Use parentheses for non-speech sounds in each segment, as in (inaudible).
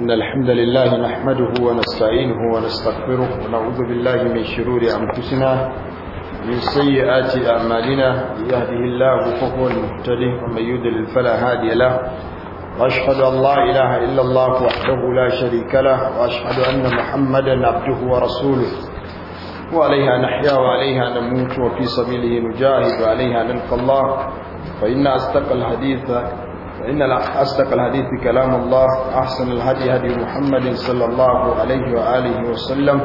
إن الحمد لله نحمده ونستعينه ونستغفره ونعوذ بالله من شرور أنفسنا من سيئات أعمالنا يهده الله فهو المهتدي ومن يضلل فلا هادي له وأشهد أن لا إله إلا الله وحده لا شريك له وأشهد أن محمدا عبده ورسوله وعليها نحيا وعليها نموت وفي سبيله نجاهد وعليها نلقى الله فإن أصدق الحديث فإن أصدق الحديث كلام الله أحسن الهدي هدي محمد صلى الله عليه وآله وسلم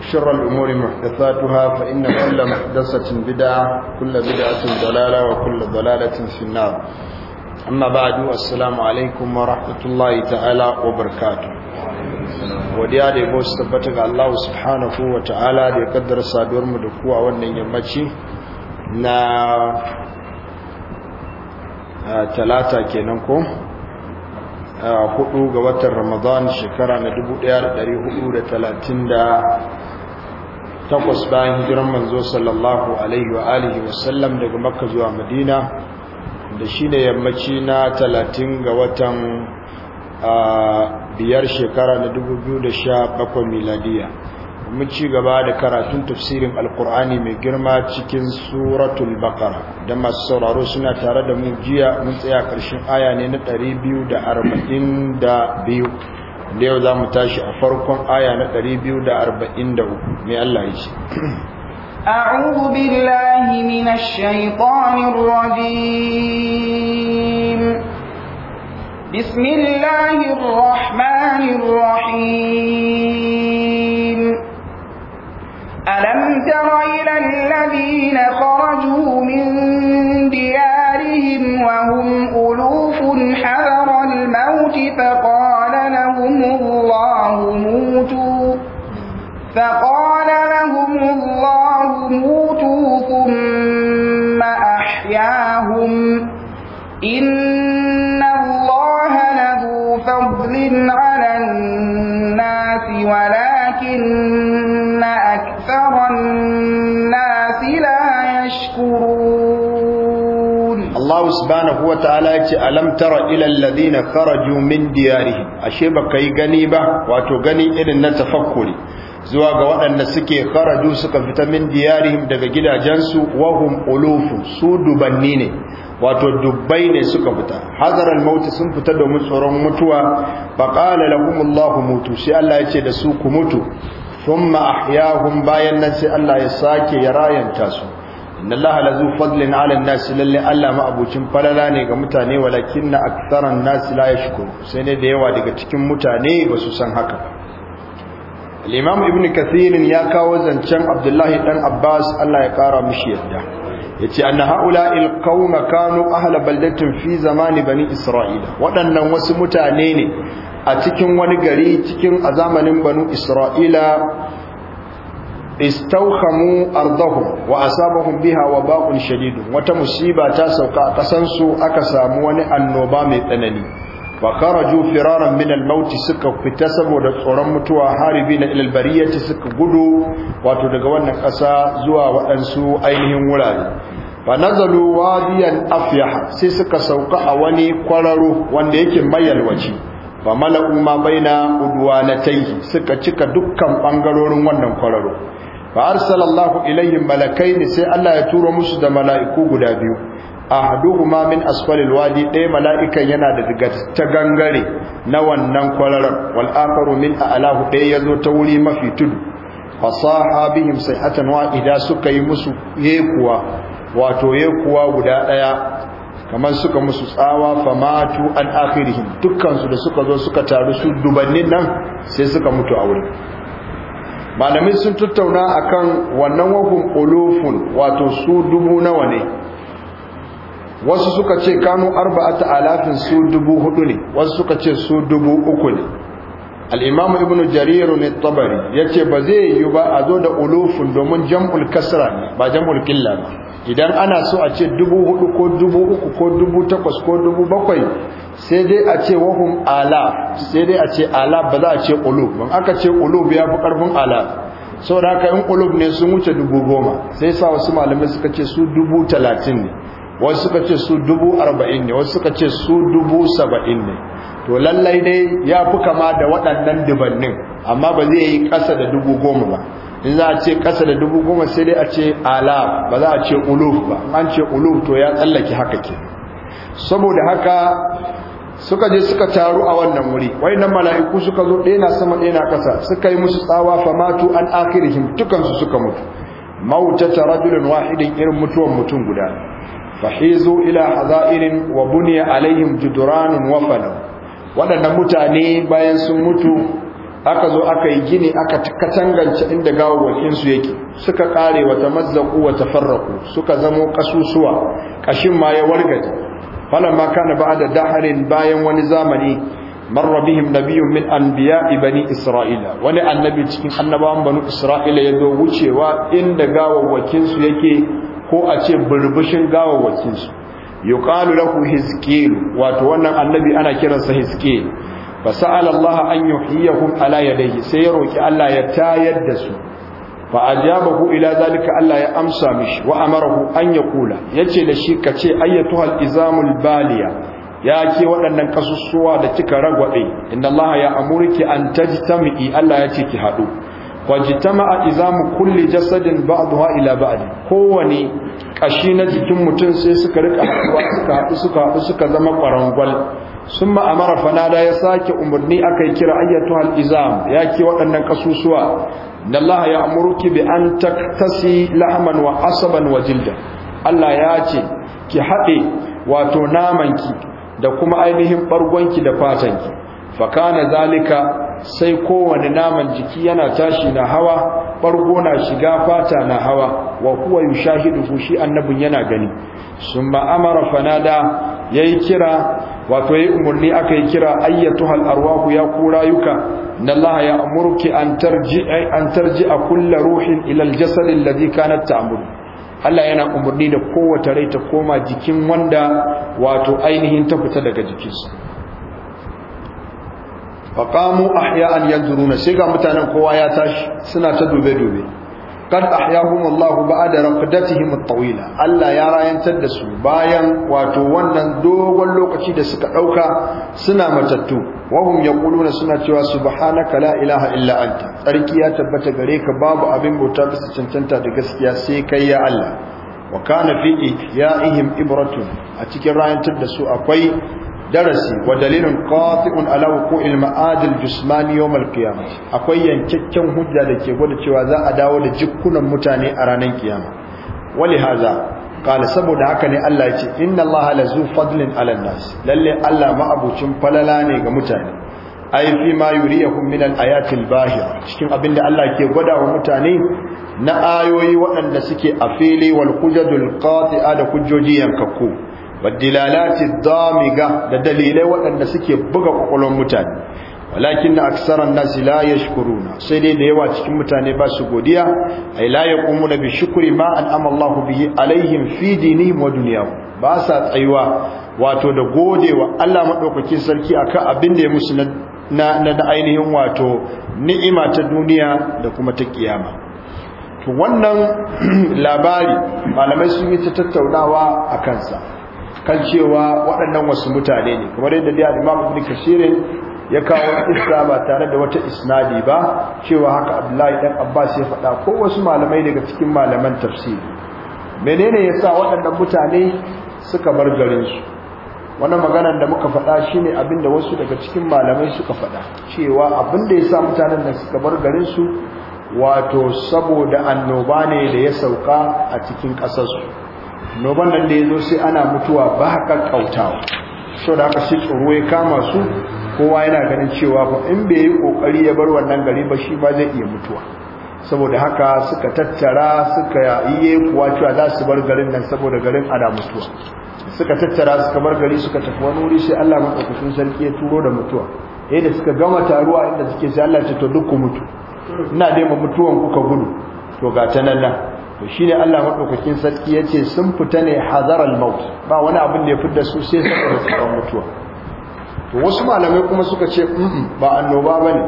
شر الأمور محدثاتها فإن كل محدثة بدعة كل بدعة ضلالة وكل ضلالة في النار أما بعد السلام عليكم ورحمة الله تعالى وبركاته وديا da yabo su tabbata ga Allah subhanahu wa ta'ala da ya kaddara saduwar mu da kuwa wannan yammaci na talata kenan ko hudu ga watan ramadan shekara na 1438 bayan hijiran manzo sallallahu alaihi wa alihi wasallam daga makka zuwa madina da shi ne yammaci na 30 ga watan biyar shekara na 2017 miladiya Mu ci gaba da karatun tafsirin alkur'ani mai girma cikin suratul baqara da masu sauraro suna tare da mu jiya mun tsaya karshen aya ne na 242 da yau za mu tashi a farkon aya na 243 mai Allah ya ce a'udhu billahi minash shaitanir rajim bismillahir rahmanir rahim تر إلى الذين خرجوا من ديارهم وهم ألوف حذر الموت فقال لهم الله موتوا فقال لهم الله موتوا ثم أحياهم إن subhanahu wa ta'ala ya ce alam tara ila na kharaju min diyarihim ashe baka yi gani ba wato gani irin na tafakkuri zuwa ga waɗanda suke karaju suka fita min diyari daga gidajensu wahum ulufu su dubanni ne wato dubbai ne suka fita hazarar mauti sun fita domin tsoron mutuwa faqala lahumullahu mutu sai Allah ya ce da su ku mutu thumma ahyahum bayan nan sai Allah ya sake ya rayanta su inna allaha lazu fadlin ala an-nas lalle allah ma abucin falala ne ga mutane walakinna aktharan nas la yashkur sai ne da yawa daga cikin mutane ba su san haka al-imam ibn kathir ya kawo zancen abdullahi dan abbas allah ya kara mishi yadda yace anna haula il qaum kanu ahla baldatin fi zamani bani isra'ila waɗannan wasu mutane ne a cikin wani gari cikin a zamanin banu isra'ila istaukhamu ardahum wa asabahum biha wabaqun shadid wata musiba ta sauka a kasan su aka samu wani annoba mai tsanani fa kharaju firaran min al suka fita saboda tsoron mutuwa haribina ila al-bariyati suka gudu wato daga wannan kasa zuwa waɗansu ainihin wurare fa nazalu wadiyan afyah sai suka sauka a wani kwararo wanda yake mayalwaci ba mala'u ma baina na tanki suka cika dukkan bangarorin wannan kwararo fa arsalallahu ilayhim malakaini sai Allah ya turo musu da mala'iku guda biyu ahaduhuma min asfalil wadi ɗaya mala'ikan yana da daga ta gangare na wannan kwararar wal akharu min a'lahu ɗaya yazo ta wuri mafi tudu fasaha bihim sayhatan wa'ida suka yi musu yekuwa wato yekuwa guda ɗaya kamar suka musu tsawa famatu an akhirihim dukkan su da suka zo suka taru su dubannin nan sai suka mutu a wurin malamai sun tattauna akan wannan wahum ulufun wato su dubu nawa ne wasu suka ce kanu arba'ata alafin su dubu hudu ne wasu suka ce su dubu uku ne al-imamu ibnu jarir ne tabari yace ba zai yi ba a zo da ulufun domin jam'ul kasra ne ba jam'ul qilla ba idan ana so a ce 4000 ko 3000 ko 8000 ko 7000 sai dai a ce wahum ala sai dai a ce ala ba za a ce uluf ban aka ce uluf ya fi karfin ala saboda haka in uluf ne sun wuce goma, sai sa wasu malamai suka ce su talatin ne wasu suka ce su dubu arba'in ne wasu suka ce su dubu saba'in ne to lallai dai ya fi kama da waɗannan dubannin amma ba zai yi ƙasa da dubu goma ba in za a ce ƙasa da dubu goma sai dai a ce ala ba za a ce uluf ba an ce uluf to ya tsallake haka ke saboda haka suka je suka taru a wannan wuri wai nan mala'iku suka zo ɗaya na sama ɗaya na ƙasa suka yi musu tsawa fa matu an akhirihim dukansu suka mutu mautata rajulin wahidin irin mutuwan mutum guda fahizu ila irin wa buniya alaihim juduranun wafana waɗannan mutane bayan sun mutu aka zo aka yi gini aka katangance inda su yake suka ƙare wa tamazzaqu wa tafarraqu suka zamo ƙasusuwa ƙashin ma ya wargaje ma kana ba'da daharin bayan wani zamani marra bihim nabiyyun min anbiya'i bani isra'ila wani annabi cikin annabawan bani isra'ila ya zo wucewa inda gawawwakin su yake ko a ce burbushin gawawwakin su yuqalu lahu hizqil wato wannan annabi ana kiransa hizqil fa sa'ala Allah an yuhyikum ala yadayhi sai ya roki Allah ya tayar da su fa ku ila zalika Allah ya amsa mishi wa ku an yaqula yace da shi ce ayyatuhal izamul baliya ya ke waɗannan ƙasusuwa da kika ragwaɗe inda Allah ya amurki an tajtami'i Allah ya ce ki haɗu a izamu kulli jasadin ba'daha ila ba'd Kowane ƙashi na jikin mutum sai suka rika haɗuwa suka haɗu suka haɗu suka zama ƙwarangwal sun ma'amara fanada ya sake umarni aka yi kira ayyatu al-izam ya ke waɗannan ƙasusuwa da Allah ya amurki bi an taktasi lahaman wa asaban wa jilda Allah ya ce ki haɗe wato namanki da kuma ainihin ɓargonki da fatanki fakana zalika sai kowane naman jiki yana tashi na hawa ɓargo na shiga fata na hawa wa kuwa hidu shi annabin yana gani sun ma'amara fanada ya yi kira wato ya yi umarni aka yi kira Ayyatu hal'arwa ku ya kura yuka, na laha ya amurki an tarji a kulla ruhin ilal jasadin kanar ta ta'muru Allah yana umarni da kowace rai ta koma jikin wanda wato ainihin ta fita daga jikinsa faqamu ahya'an yanzuruna sai ga mutanen kowa ya tashi suna ta dube dube kad ahyahum Allah ba'da raqdatihim at-tawila Allah ya rayantar da su bayan wato wannan dogon lokaci da suka ɗauka suna matattu wahum yaquluna suna cewa subhanaka kala ilaha illa anta tsarki ya tabbata gare ka babu abin bauta bisa cancanta da gaskiya sai kai ya Allah wa kana fi ihya'ihim ibratun a cikin rayantar da su akwai darasi wa dalilin qati'un ala wuqu'il al jismani yawm al-qiyamah akwai yankakken hujja da ke gwada cewa za a dawo da jikkunan mutane a ranar kiyama wali haza qala saboda haka ne Allah ya ce inna Allah la zu fadlin ala nas lalle Allah ma'abucin falala ne ga mutane ay fi ma yuriyahum min al-ayati al-bahira cikin abinda Allah ke gwada wa mutane na ayoyi waɗanda suke a wal hujjatul qati'a da hujjoji yankakku waddilalati damiga da dalilai waɗanda suke buga kwakwalon mutane walakin na aksaran nasi la yashkuruna sai dai da yawa cikin mutane ba su godiya ai la yaqumuna bi shukri ma amma Allah bihi alaihim fi dini wa duniya. ba sa tsayuwa wato da godewa Allah madaukakin sarki akan abin da ya musu na na ainihin wato ni'ima ta duniya da kuma ta kiyama to wannan labari malamai sun yi ta tattaunawa a kansa kan cewa waɗannan wasu mutane ne kamar yadda dai al Ibn ya kawo isra ba tare da wata isnadi ba cewa haka Abdullahi dan Abbas ya faɗa ko wasu malamai daga cikin malaman tafsiri menene yasa waɗannan mutane suka bar garin su wannan maganar da muka faɗa shine abinda wasu daga cikin malamai suka faɗa cewa abinda yasa mutanen da suka bar garin su wato saboda annoba ne da ya sauka a cikin ƙasarsu noban nan da ya zo sai ana mutuwa ba haka kautawa so da haka sai tsoro ya kama su kowa yana ganin cewa ba in bai yi kokari ya bar wannan gari ba shi ba zai iya mutuwa saboda haka suka tattara suka yi kuwa cewa za su bar garin nan saboda garin ana mutuwa suka tattara suka bar gari suka tafi wani wuri sai Allah madaukakin sarki ya turo da mutuwa eh da suka gama taruwa inda suke sai Allah ce to duk ku mutu ina dai mu mutuwan kuka gudu to ga ta nan to shine Allah madaukakin sarki ce sun fita ne hadaral maut ba wani abin da ya fitar su sai saboda tsaron mutuwa to wasu malamai kuma suka ce ba annoba bane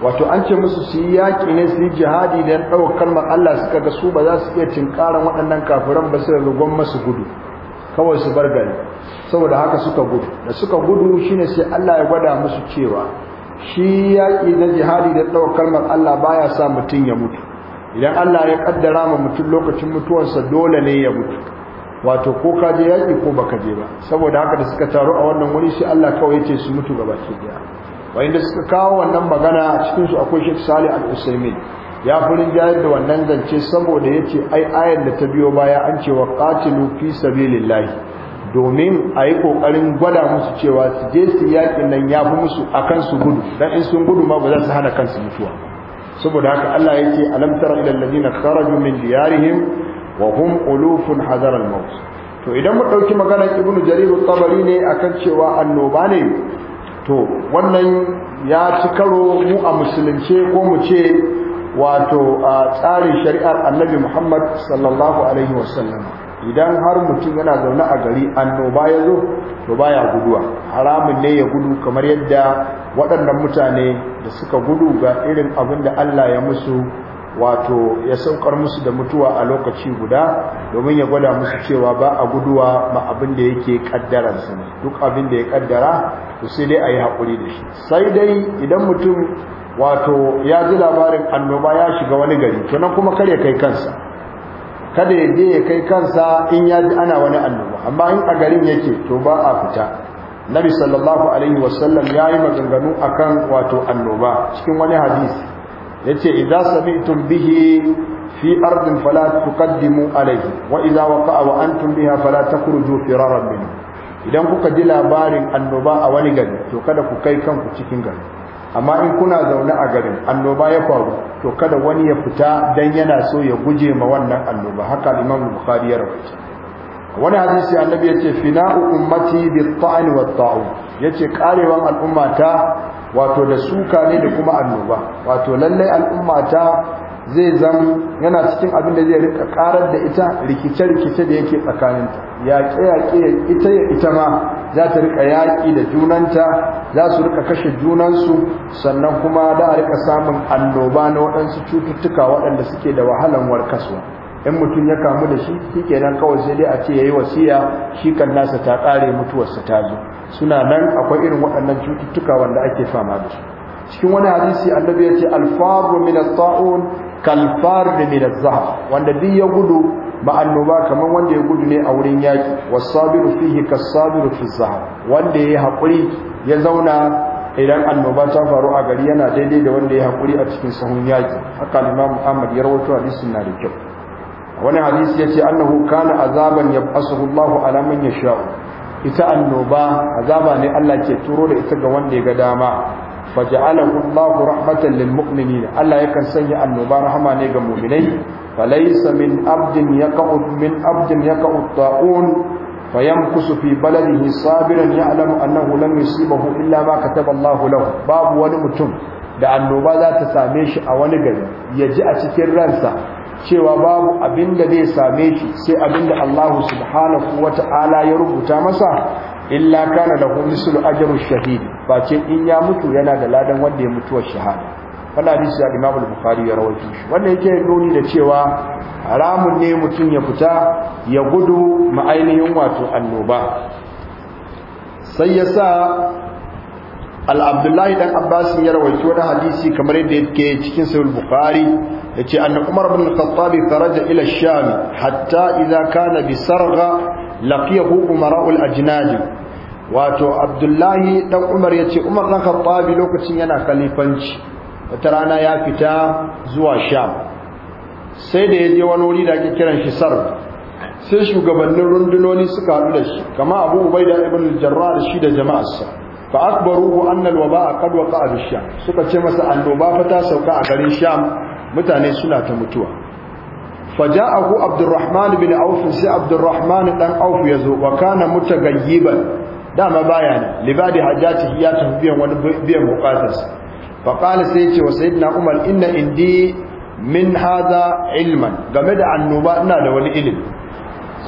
wato an ce musu su yi yaƙi ne su yi jihadi da ɗaukar ma Allah suka ga su ba za su iya ƙaran waɗannan kafiran ba su rugon masu gudu kawai su bar gari saboda haka suka gudu da suka gudu shine sai Allah ya gwada musu cewa shi yaƙi na jihadi da ɗaukar ma Allah baya sa mutum ya mutu idan Allah ya kaddara ma mutum lokacin mutuwarsa dole ne ya mutu wato ko ka je yaki ko baka je ba saboda haka da suka taru a wannan wuri sai Allah kawai yace su mutu gaba ke daya wanda suka kawo wannan magana cikin su akwai Sheikh Salih Al-Usaimin ya furin jayar da wannan zance saboda yace ai ayar da ta biyo baya an ce wa qatilu fi sabilillah domin a yi ƙoƙarin gwada musu cewa su je su yaƙin nan ya fi musu akan su gudu dan in sun gudu ma ba za su hana kansu mutuwa saboda haka Allah yake alam tara ilal ladina kharaju min diyarihim wa hum ulufun hazar al maut to idan mu dauki maganar ibnu jarir at-tabari ne akan cewa annoba ne to wannan ya ci karo mu a musulunce ko mu ce wato a tsarin shari'ar annabi Muhammad sallallahu alaihi wasallam idan har mutum yana zaune a gari annoba ya zo to baya guduwa haramun ne ya gudu kamar yadda waɗannan mutane da suka gudu ga irin abin da Allah ya musu wato ya saukar musu da mutuwa a lokaci guda domin ya gwada musu cewa ba a guduwa ma abin da yake su ne duk abin da ya kaddara to sai dai a yi haƙuri da shi sai dai idan mutum wato ya ji labarin annoba ya shiga wani gari to nan kuma kar ya kai kansa kada ya je ya kai kansa in ya ji ana wani annoba amma in a garin yake to ba a fita nabi sallallahu alaihi wasallam ya yi maganganu akan wato annoba cikin wani hadisi ya ce idza sami'tum bihi fi ardin fala tuqaddimu alaihi wa idza waqa'a wa antum biha fala takhruju firaran minhu idan kuka ji labarin annoba a wani gari to kada ku kai kanku cikin gari amma in kuna zaune a garin annoba ya faru to kada wani ya fita dan yana so ya guje ma wannan annoba haka Imam Bukhari ya rawaita wani hadisi annabi yace fina'u ummati bit-ta'n wa tau yace karewan al'ummata wato da suka ne da kuma annoba wato lallai al'ummata zai zan yana cikin abin da zai rika karar da ita rikice-rikice da yake tsakaninta yaƙe-yaƙe ita ya ita ma za ta rika yaƙi da junanta za su rika kashe junansu sannan kuma da a rika samun annoba na waɗansu cututtuka waɗanda suke da wahalan warkaswa in mutum ya kamu da shi shi ke nan kawai sai dai a ce ya yi wasiya shi kan nasa ta ƙare mutuwarsa ta zo suna nan akwai irin waɗannan cututtuka wanda ake fama da su cikin wani hadisi annabi ya ce alfabu min at-ta'un kalfar da mai da zahab wanda duk ya gudu ba annoba kamar wanda ya gudu ne a wurin yaki was fihi kas fi zahab wanda ya hakuri ya zauna idan annoba ta faru a gari yana daidai da wanda ya hakuri a cikin sahun yaki haka Imam Ahmad ya rawaito hadisin na da kyau wani hadisi yace annahu kana azaban yab'asuhu Allahu ala man yasha ita annoba azaba ne Allah ke turo da ita ga wanda ya ga dama faja'alahu Allah rahmatan lil Allah yakan sanya annoba rahama ne ga mu'minai falaysa min abdin yaqa'u min abdin yaqa'u ta'un fayamkusu fi baladihi sabiran ya'lamu annahu lam yusibahu illa ma ka Allah lahu babu wani mutum da annoba za ta same shi a wani gari ya ji a cikin ransa cewa babu abin da zai same shi sai abin da Allah wata wata'ala ya rubuta masa illa kana da mislu ajru shahid ce in ya mutu yana da ladan wanda ya mutu wa shahada wannan hadisi da Imam al-Bukhari ya rawaito shi wannan yake nuni da cewa haramun ne mutum ya fita ya gudu ma ainihin wato annoba sai ya sa al-Abdullahi dan Abbas ya rawaito wannan hadisi kamar yadda yake cikin Sahih al-Bukhari yace anna Umar ibn al-Khattab faraja ila Sham hatta idha kana bi sarga? laqiyahu umara'ul ajnadi wato abdullahi dan umar yace umar dan khattabi lokacin yana kalifanci wata rana ya fita zuwa sham sai da yaje wani wuri da ake kiran shi sarb sai shugabannin rundunoni suka haɗu da shi kama abu ubaida ibn jarrah da shi da jama'arsa fa akbaruhu anna alwaba qad waqa'a bi sham suka ce masa annoba fa ta sauka a garin sham mutane suna ta mutuwa faja'ahu abdurrahman bin auf sai abdurrahman dan auf yazo wa kana mutagayyiban dama baya ne libadi hajjati ya tafi biyan wani biyan bukatarsa fa qala sai yace wa sayyidina umar inna indi min hadha ilman game da annoba ina da wani ilimi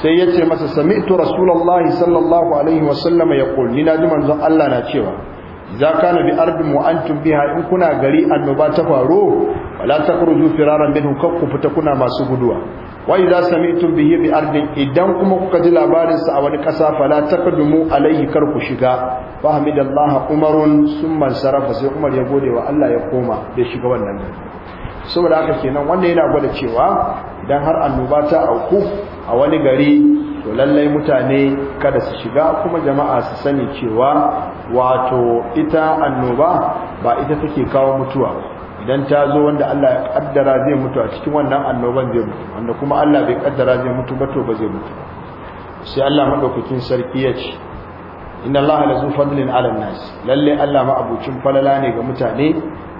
sai yace masa sami'tu rasulullahi sallallahu alaihi wasallam yaqul ni naji manzon Allah na cewa idza kana bi arbin mu'antun biya in kuna gari annoba ta faro wala takhruju firaran bin kakku fita kuna masu guduwa wa idza sami'tum bihi bi ardi? idan kuma kuka ji labarin sa a wani kasa fala mu alayhi kar ku shiga fa hamidallahi umarun summa sarafa sai umar ya gode wa Allah ya koma da shiga wannan gari saboda haka kenan wanda yana gwada cewa idan har annoba ta auku a wani gari to lallai mutane kada su shiga kuma jama'a su sani cewa wato ita annoba ba ita take kawo mutuwa idan ta zo wanda Allah ya kaddara zai mutu a cikin wannan annoban zai mutu wanda kuma Allah bai kaddara zai mutu ba to ba zai mutu sai Allah madaukakin sarki ya ce inna Allah la zu fadlin ala nas lalle Allah ma abucin falala ne ga mutane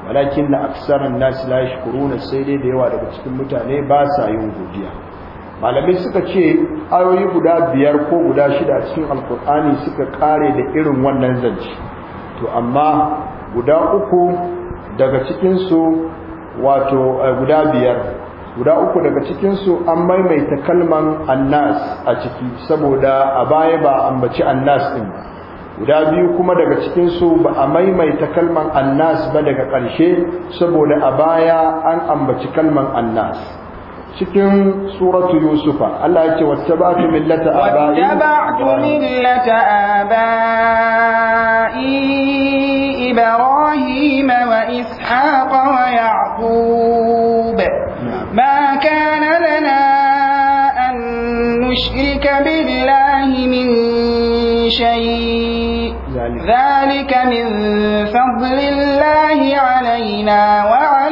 walakin la aksaran nas la yashkuruna sai dai da yawa daga cikin mutane ba sa yin godiya malamai suka ce ayoyi guda biyar ko guda shida cikin alkur'ani suka kare da irin wannan zance to amma guda uku daga cikinsu wato eh, guda biyar guda uku daga cikinsu an maimaita kalman annas a ciki saboda a baya ba ambaci annas din guda biyu kuma daga cikinsu ba a maimaita kalman annas ba daga ƙarshe saboda a baya an ambaci kalman annas cikin suratu yusufa Allah ya ce wattaba'tu millata aba'i wattaba'tu millata aba'i ibrahim wa ishaq wa ya'qub ma kana lana an nushrika billahi min shay ذلك من فضل الله علينا وعلى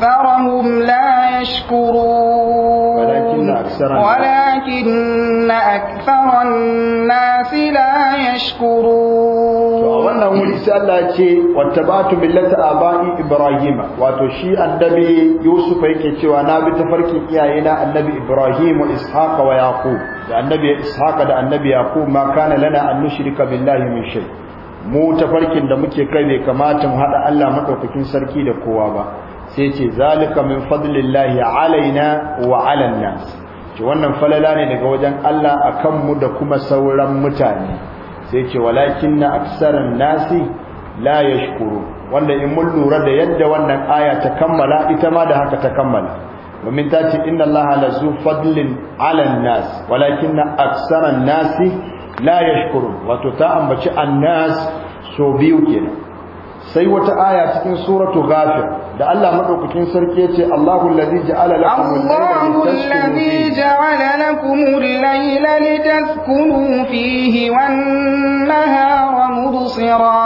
أكثرهم لا يشكرون ولكن أكثر, ولكن أكثر الناس لا يشكرون wannan wuri sai Allah ce wattabatu millata abai ibrahima wato shi annabi yusuf yake cewa na bi tafarkin iyayena annabi ibrahim wa ishaqa wa yaqub da annabi ishaqa da annabi yaqub ma kana lana an nushrika billahi min mu tafarkin da muke kai bai kamata mu haɗa Allah madaukakin sarki da kowa ba sai ce zalika min fadlillahi alaina wa alal nas ce wannan falala ne daga wajen Allah akan mu da kuma sauran mutane sai ce walakinna aksaran nasi la yashkuru wanda in mun lura da yadda wannan aya ta kammala ita ma da haka ta kammala domin ta ce inna allaha lazu fadlin alan nas walakinna aksaran nasi la wato ta ambaci annas so biyu kenan sai wata aya cikin suratu ghafir da Allah madaukakin sarki yace Allahu allazi ja'ala lakum al-layla litaskunu fihi wan-nahara mubsira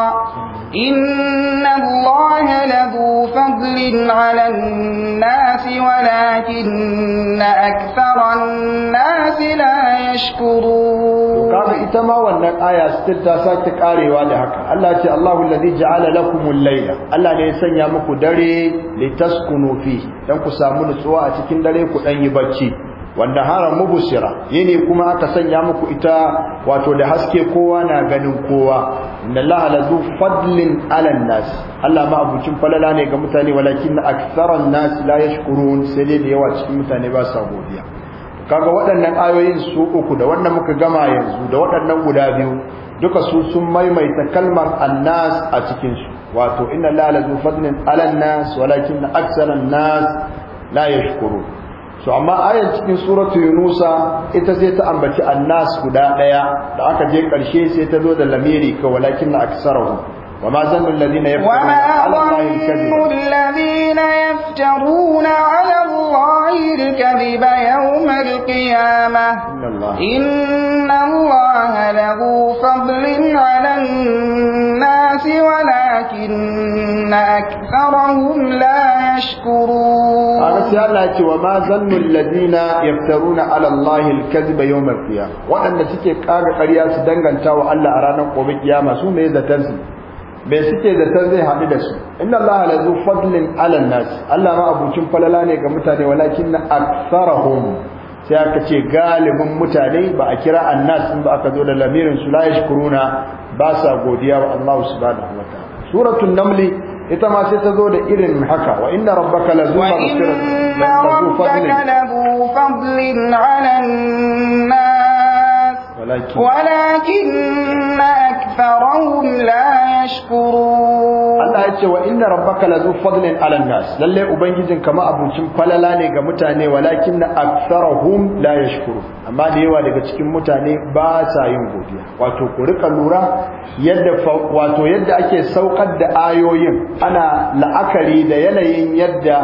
الله لذو فضل على الناس ولكن أكثر الناس لا يشكرون قال إتما وأن آية ستة ساتك آري وادهك الله تي الله الذي جعل لكم الليلة الله ليسن يامك دري لتسكنوا فيه لنكو سامون سواء تكين دري كأن يبتشي wanda haram mubusira yene kuma aka sanya muku ita wato da haske kowa na ganin kowa inna allaha lazu fadlin ala nas Allah ma abucin falala ne ga mutane walakin aktharan nas la yashkurun sai dai da yawa cikin mutane ba sa godiya kaga waɗannan ayoyin su uku da wannan muka gama yanzu da waɗannan guda biyu duka su sun maimaita kalmar annas a cikin su wato inna allaha lazu fadlin ala nas walakin aktharan nas la yashkurun to amma ayan cikin suratu yunusa ita sai ta ambaci annas guda daya da aka je karshe sai ta zo da lamiri ka walakin na aksarahu وما ظن الذين يفترون على الله يفترون على الله الكذب يوم القيامة إن الله له فضل على الناس الناس ولكن أكثرهم لا يشكرون أنا سيالك وما ظن الذين يفترون على الله الكذب يوم القيامة وأن تكي قاقا قريا سدنغا تاو ألا أرانا قوم القيامة سوم إذا تنزل bai suke zaton zai haɗu da su inna Allah la zu fadlin ala nas Allah ma abucin falala ne ga mutane walakin aktharahum sai aka ce galibin mutane ba a kira annas in ba aka zo da lamirin su la yashkuruna ba sa godiya wa Allah subhanahu wataala suratul naml ita ma sai ta zo da irin haka wa inna rabbaka la zu fadlin ala an ولكن, ولكن أكثرهم لا يشكرون الله يتشي وإن ربك لذو فضل على الناس للي أبنجزن كما أبو تنفللاني كمتاني ولكن أكثرهم لا يشكرون أما ديوا لك تكون متاني باسا ينبوديا wato ku rika lura yadda wato yadda ake saukar da ayoyin ana la'akari da yanayin yadda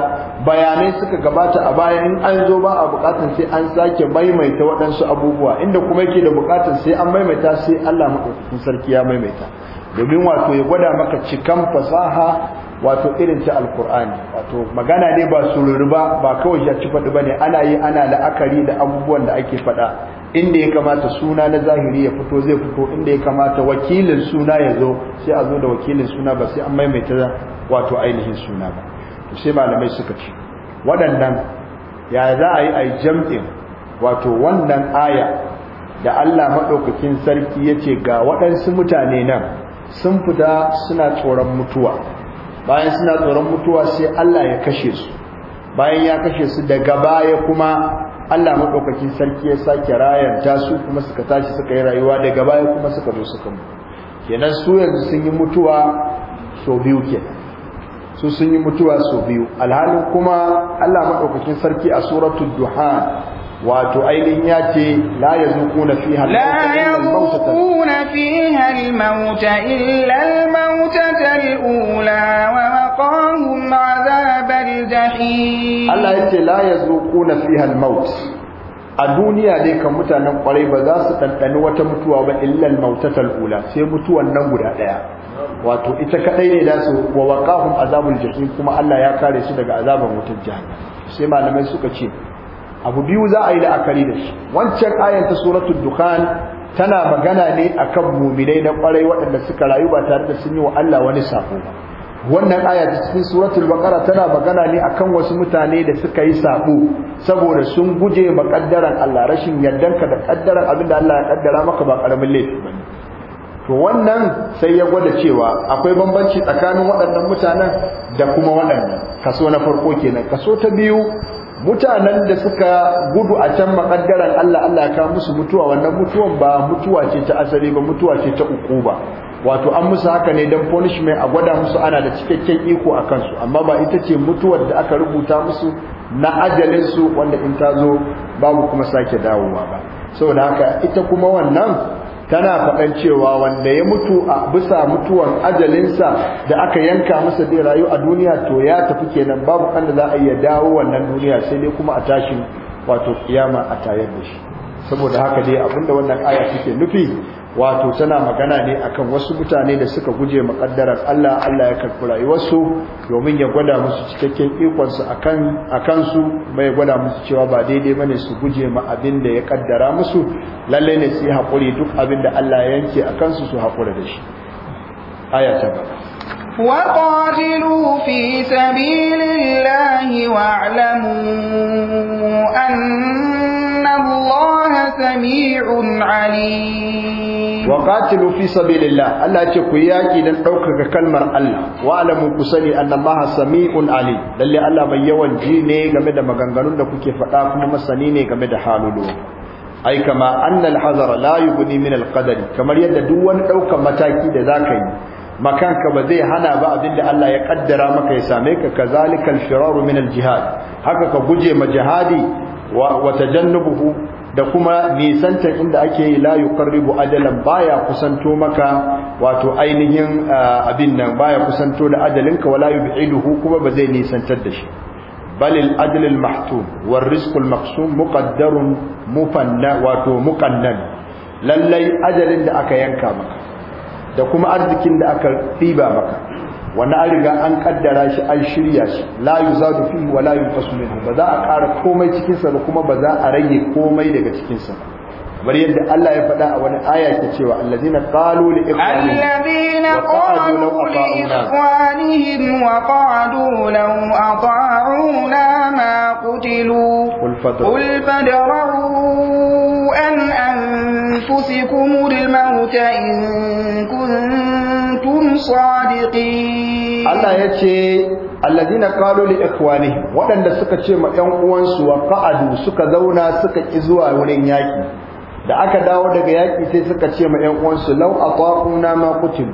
bayanai suka gabata a bayan in an zo ba a bukatar sai an sake maimaita waɗansu abubuwa inda kuma yake da bukatar sai an maimaita sai Allah maɗaukakin sarki ya maimaita domin wato ya gwada maka cikan fasaha wato irin ta alkur'ani wato magana ne ba sururu ba ba kawai ya ci faɗi ba ne ana yi ana la'akari da abubuwan da ake faɗa inda ya kamata suna na zahiri ya fito zai fito inda ya kamata wakilin suna ya zo sai a zo da wakilin suna ba sai an maimaita wato ainihin suna ba to sai malamai suka ce waɗannan ya za a yi a jam'in wato wannan aya da Allah maɗaukakin sarki ya ce ga waɗansu mutane nan sun fita suna tsoron mutuwa bayan suna tsoron mutuwa sai Allah ya kashe su bayan ya kashe su daga baya kuma Allah maɗaukakin sarki ya sake rayanta su kuma suka tashi suka yi rayuwa daga baya kuma suka zo suka mutu kenan su yanzu sun yi mutuwa sau biyu kenan su sun yi mutuwa sau biyu alhalin kuma Allah maɗaukakin sarki a suratul duha wato ainihin ya ce la ya zuƙuna fi Allah ya ce la ya zuƙuna fi halmaut a duniya dai kan mutanen ƙwarai ba za su ɗanɗani wata mutuwa ba illan almautatar ula sai mutuwan nan guda ɗaya wato ita kaɗai ne da su wa kafin azabar jirgin kuma Allah ya kare su daga azabar wutar jihar? sai malamai suka ce abu biyu za a yi la'akari da shi wancan ayan ta suratul dukhan tana magana ne akan muminai na kwarai waɗanda suka rayu ba tare da sun yi wa Allah wani sako ba wannan aya ta cikin suratul baqara tana magana ne akan wasu mutane da suka yi sabo saboda sun guje ma kaddaran Allah rashin yardanka da kaddaran da Allah ya kaddara maka ba karamin laifi ba. to wannan sai ya gwada cewa akwai bambanci tsakanin waɗannan mutanen da kuma waɗannan kaso na farko kenan kaso ta biyu mutanen da suka gudu a can makaddaran Allah Allah ka musu mutuwa wannan mutuwan ba mutuwa ce ta asali ba mutuwa ce ta uku ba. wato an musu haka ne dan punishment a gwada musu ana da cikakken iko a kansu amma ba ita ce mutuwar da aka rubuta musu na ajalin su wanda in ta zo babu kuma sake dawowa ba saboda haka ita kuma wannan tana faɗan cewa wanda ya mutu a bisa mutuwan ajalinsa da aka yanka masa zai rayu a duniya to ya tafi kenan babu kan da za a iya dawo wannan duniya sai dai kuma a tashi wato kiyama a tayar da shi saboda haka dai abinda wannan aya take nufi wato tana magana ne akan wasu mutane da suka guje makaddarar Allah Allah ya karɓi wasu domin ya gwada musu cikakken ikonsu akan akan su mai gwada musu cewa ba daidai bane su guje ma abin da ya kaddara musu lalle ne su yi hakuri duk abin da Allah ya yanke akan su su hakura da shi aya ta gaba وقاتلوا في سبيل الله واعلموا الله سميع عليم وقاتلوا في سبيل الله الله يقول ياكي دان دوكك كلمه الله واعلموا كسني ان الله سميع عليم للي الله mai yawan ji ne game da maganganun da kuke faɗa kuma masani ne game da halulu ai kama annal hazara la yughni min al kamar yadda duk wani daukan mataki da zaka yi makanka ba zai hana ba abinda Allah ya kaddara maka ya same ka kazalikal firaru min al jihad haka ka guje ma jihadi wa tajannubuhu da kuma nisantar inda ake yi la yuqarribu adalan baya kusanto maka wato ainihin abin nan baya kusanto da adalinka wala yub'iduhu kuma ba zai nisantar da shi Balil al adl mahtum war rizq maqsum muqaddarun mufanna wato muqannan lallai adalin da aka yanka maka da kuma arzikin da aka tiba maka Wani an riga an kaddara shi an shirya shi layu za fihi wa la yunqasu minhu ba za a ƙara komai cikinsa sa kuma ba za a rage komai daga cikinsa. sa kamar yadda Allah ya faɗa a wani aya ke cewa allazina qalu li ikhwanihim wa qadu law ata'una ma qutilu qul an anfusikum al in kuntum kuntum sadiqin Allah yace alladina qalu li ikhwanihim wadanda suka ce ma ƴan uwansu wa qa'adu suka zauna suka ki zuwa wurin yaki da aka dawo daga yaki sai suka ce ma ƴan uwansu law ataquna ma qutil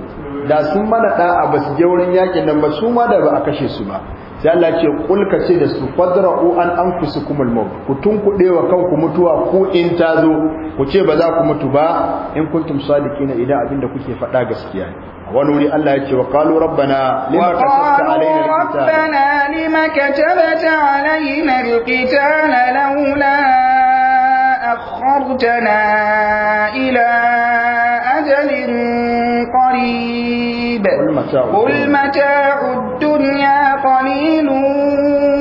da sun mana da'a basu je wurin yakin nan ba su ma da ba a kashe su ba sai Allah ce kulka ce da su fadra'u an anfusukum al-maut ku tunkuɗe wa kanku mutuwa ku in ta zo ku ce ba za ku mutu ba in kuntum na idan abin da kuke faɗa gaskiya ne wani wuri Allah ya ce wa qalu rabbana lima katabta alaina rabbana lima katabta alaina al laula akhartana ila ajalin qarib قل متاع الدنيا قليل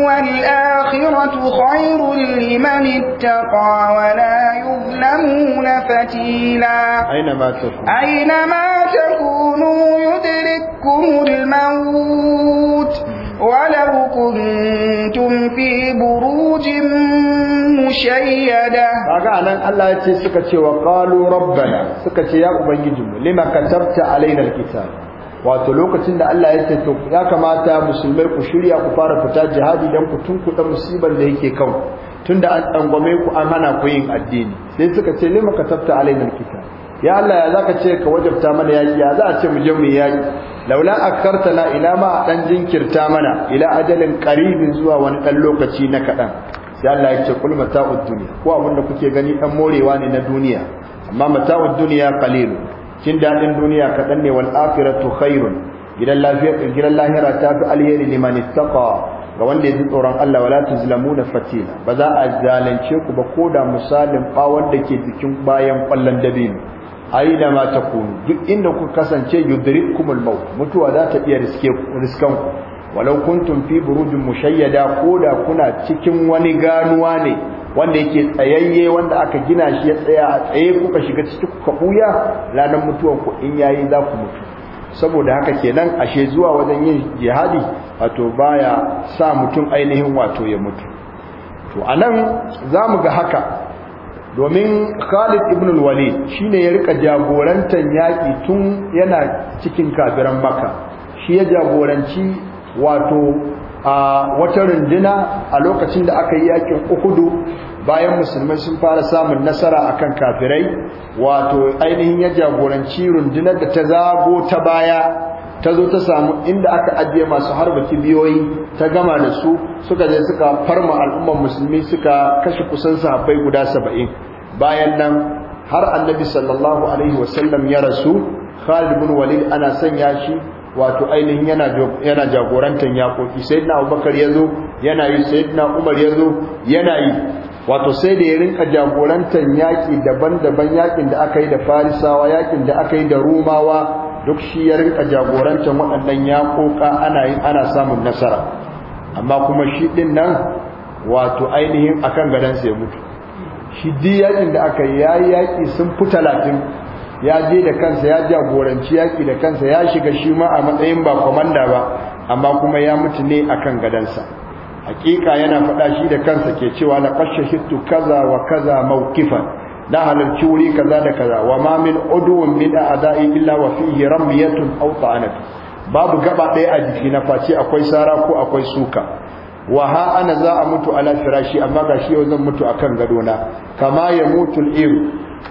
والآخرة خير لمن اتقى ولا يظلمون فتيلا أينما تكونوا, أينما تكونوا يدرككم الموت ولو كنتم في بروج مشيدة فقال الله Allah وقالوا ربنا suka يا wa qalu لما كتبت علينا الكتاب wato lokacin da Allah ya ce to ya kamata musulmai ku shirya ku fara fita jihadi dan ku tunkuɗa musibar da yake kan tunda an dangwame ku an hana ku yin addini sai suka ce lima ka tafta alaina alkitab ya Allah ya zaka ce ka wajabta mana yaki ya za a ce mu je mu yaki laula akkartana ila ma dan jinkirta mana ila ajalin qaribin zuwa wani dan lokaci na kadan sai Allah ya ce kul mata'ud dunya ko da kuke gani dan morewa ne na duniya amma mata'ud dunya qalilun Cin daɗin duniya kaɗan ne wal akhiratu khairun gidan lafiya gidan lahira ta fi alheri liman ittaqa ga wanda ya ji tsoron Allah wala tuzlamuna fatila ba za a zalance ku ba ko da misalin bawon da ke jikin bayan kwallon dabino aina ma ku duk inda ku kasance yudrikumul maut mutuwa za ta iya riske ku riskan ku walau kuntum fi burujin mushayyada koda kuna cikin wani ganuwa ne wanda yake tsayayye wanda aka gina shi ya tsaya a tsaye kuka shiga cikin kuka buya ranar mutuwan ku in yayi za ku mutu saboda haka kenan ashe zuwa wajen yin jihadi wato baya sa mutum ainihin wato ya mutu to anan mu ga haka domin Khalid ibn al-Walid shine ya rika jagorantar yaki tun yana cikin kafiran Makka shi ya jagoranci wato a wata runduna a lokacin da aka yi yakin Uhudu, bayan musulmai sun fara samun nasara a kan kafirai wato ainihin ya jagoranci rundunar da ta zago ta baya ta zo ta samu inda aka ajiye masu harba kibiyoyi ta gama da su suka je suka farma al'ummar musulmi suka kashe kusan sahabbai guda saba'in bayan nan har annabi sallallahu alaihi wasallam ya rasu khalid bin walid ana sanya shi wato ainihin yana jagorantar yaƙoƙi sai na abubakar ya zo yana yi sai na umar yazo zo yana yi wato sai da ya rinka jagorantar yaƙi daban-daban yaƙin da aka yi da farisawa yakin da aka yi da rumawa duk shi ya rinka jagorantar waɗannan yakoka ana yin ana samun nasara amma kuma shi ɗin nan wato ainihin akan gadan sai mutu shi diyan yaƙin da aka yi yi yaƙi sun fi talatin ya je da kansa ya jagoranci yaki da kansa ya shiga shi ma a matsayin ba komanda ba amma kuma ya mutu ne a kan gadansa hakika yana faɗa shi da kansa ke cewa la Hittu kaza wa kaza mawqifan na halarci wuri kaza da kaza wa ma min udwun min a'da'i illa wa fihi ramyatun aw ta'anat babu gaba ɗaya a jiki na face akwai sara ko akwai suka wa ha ana za a mutu ala firashi amma gashi yau zan mutu akan gadona kama ya mutu al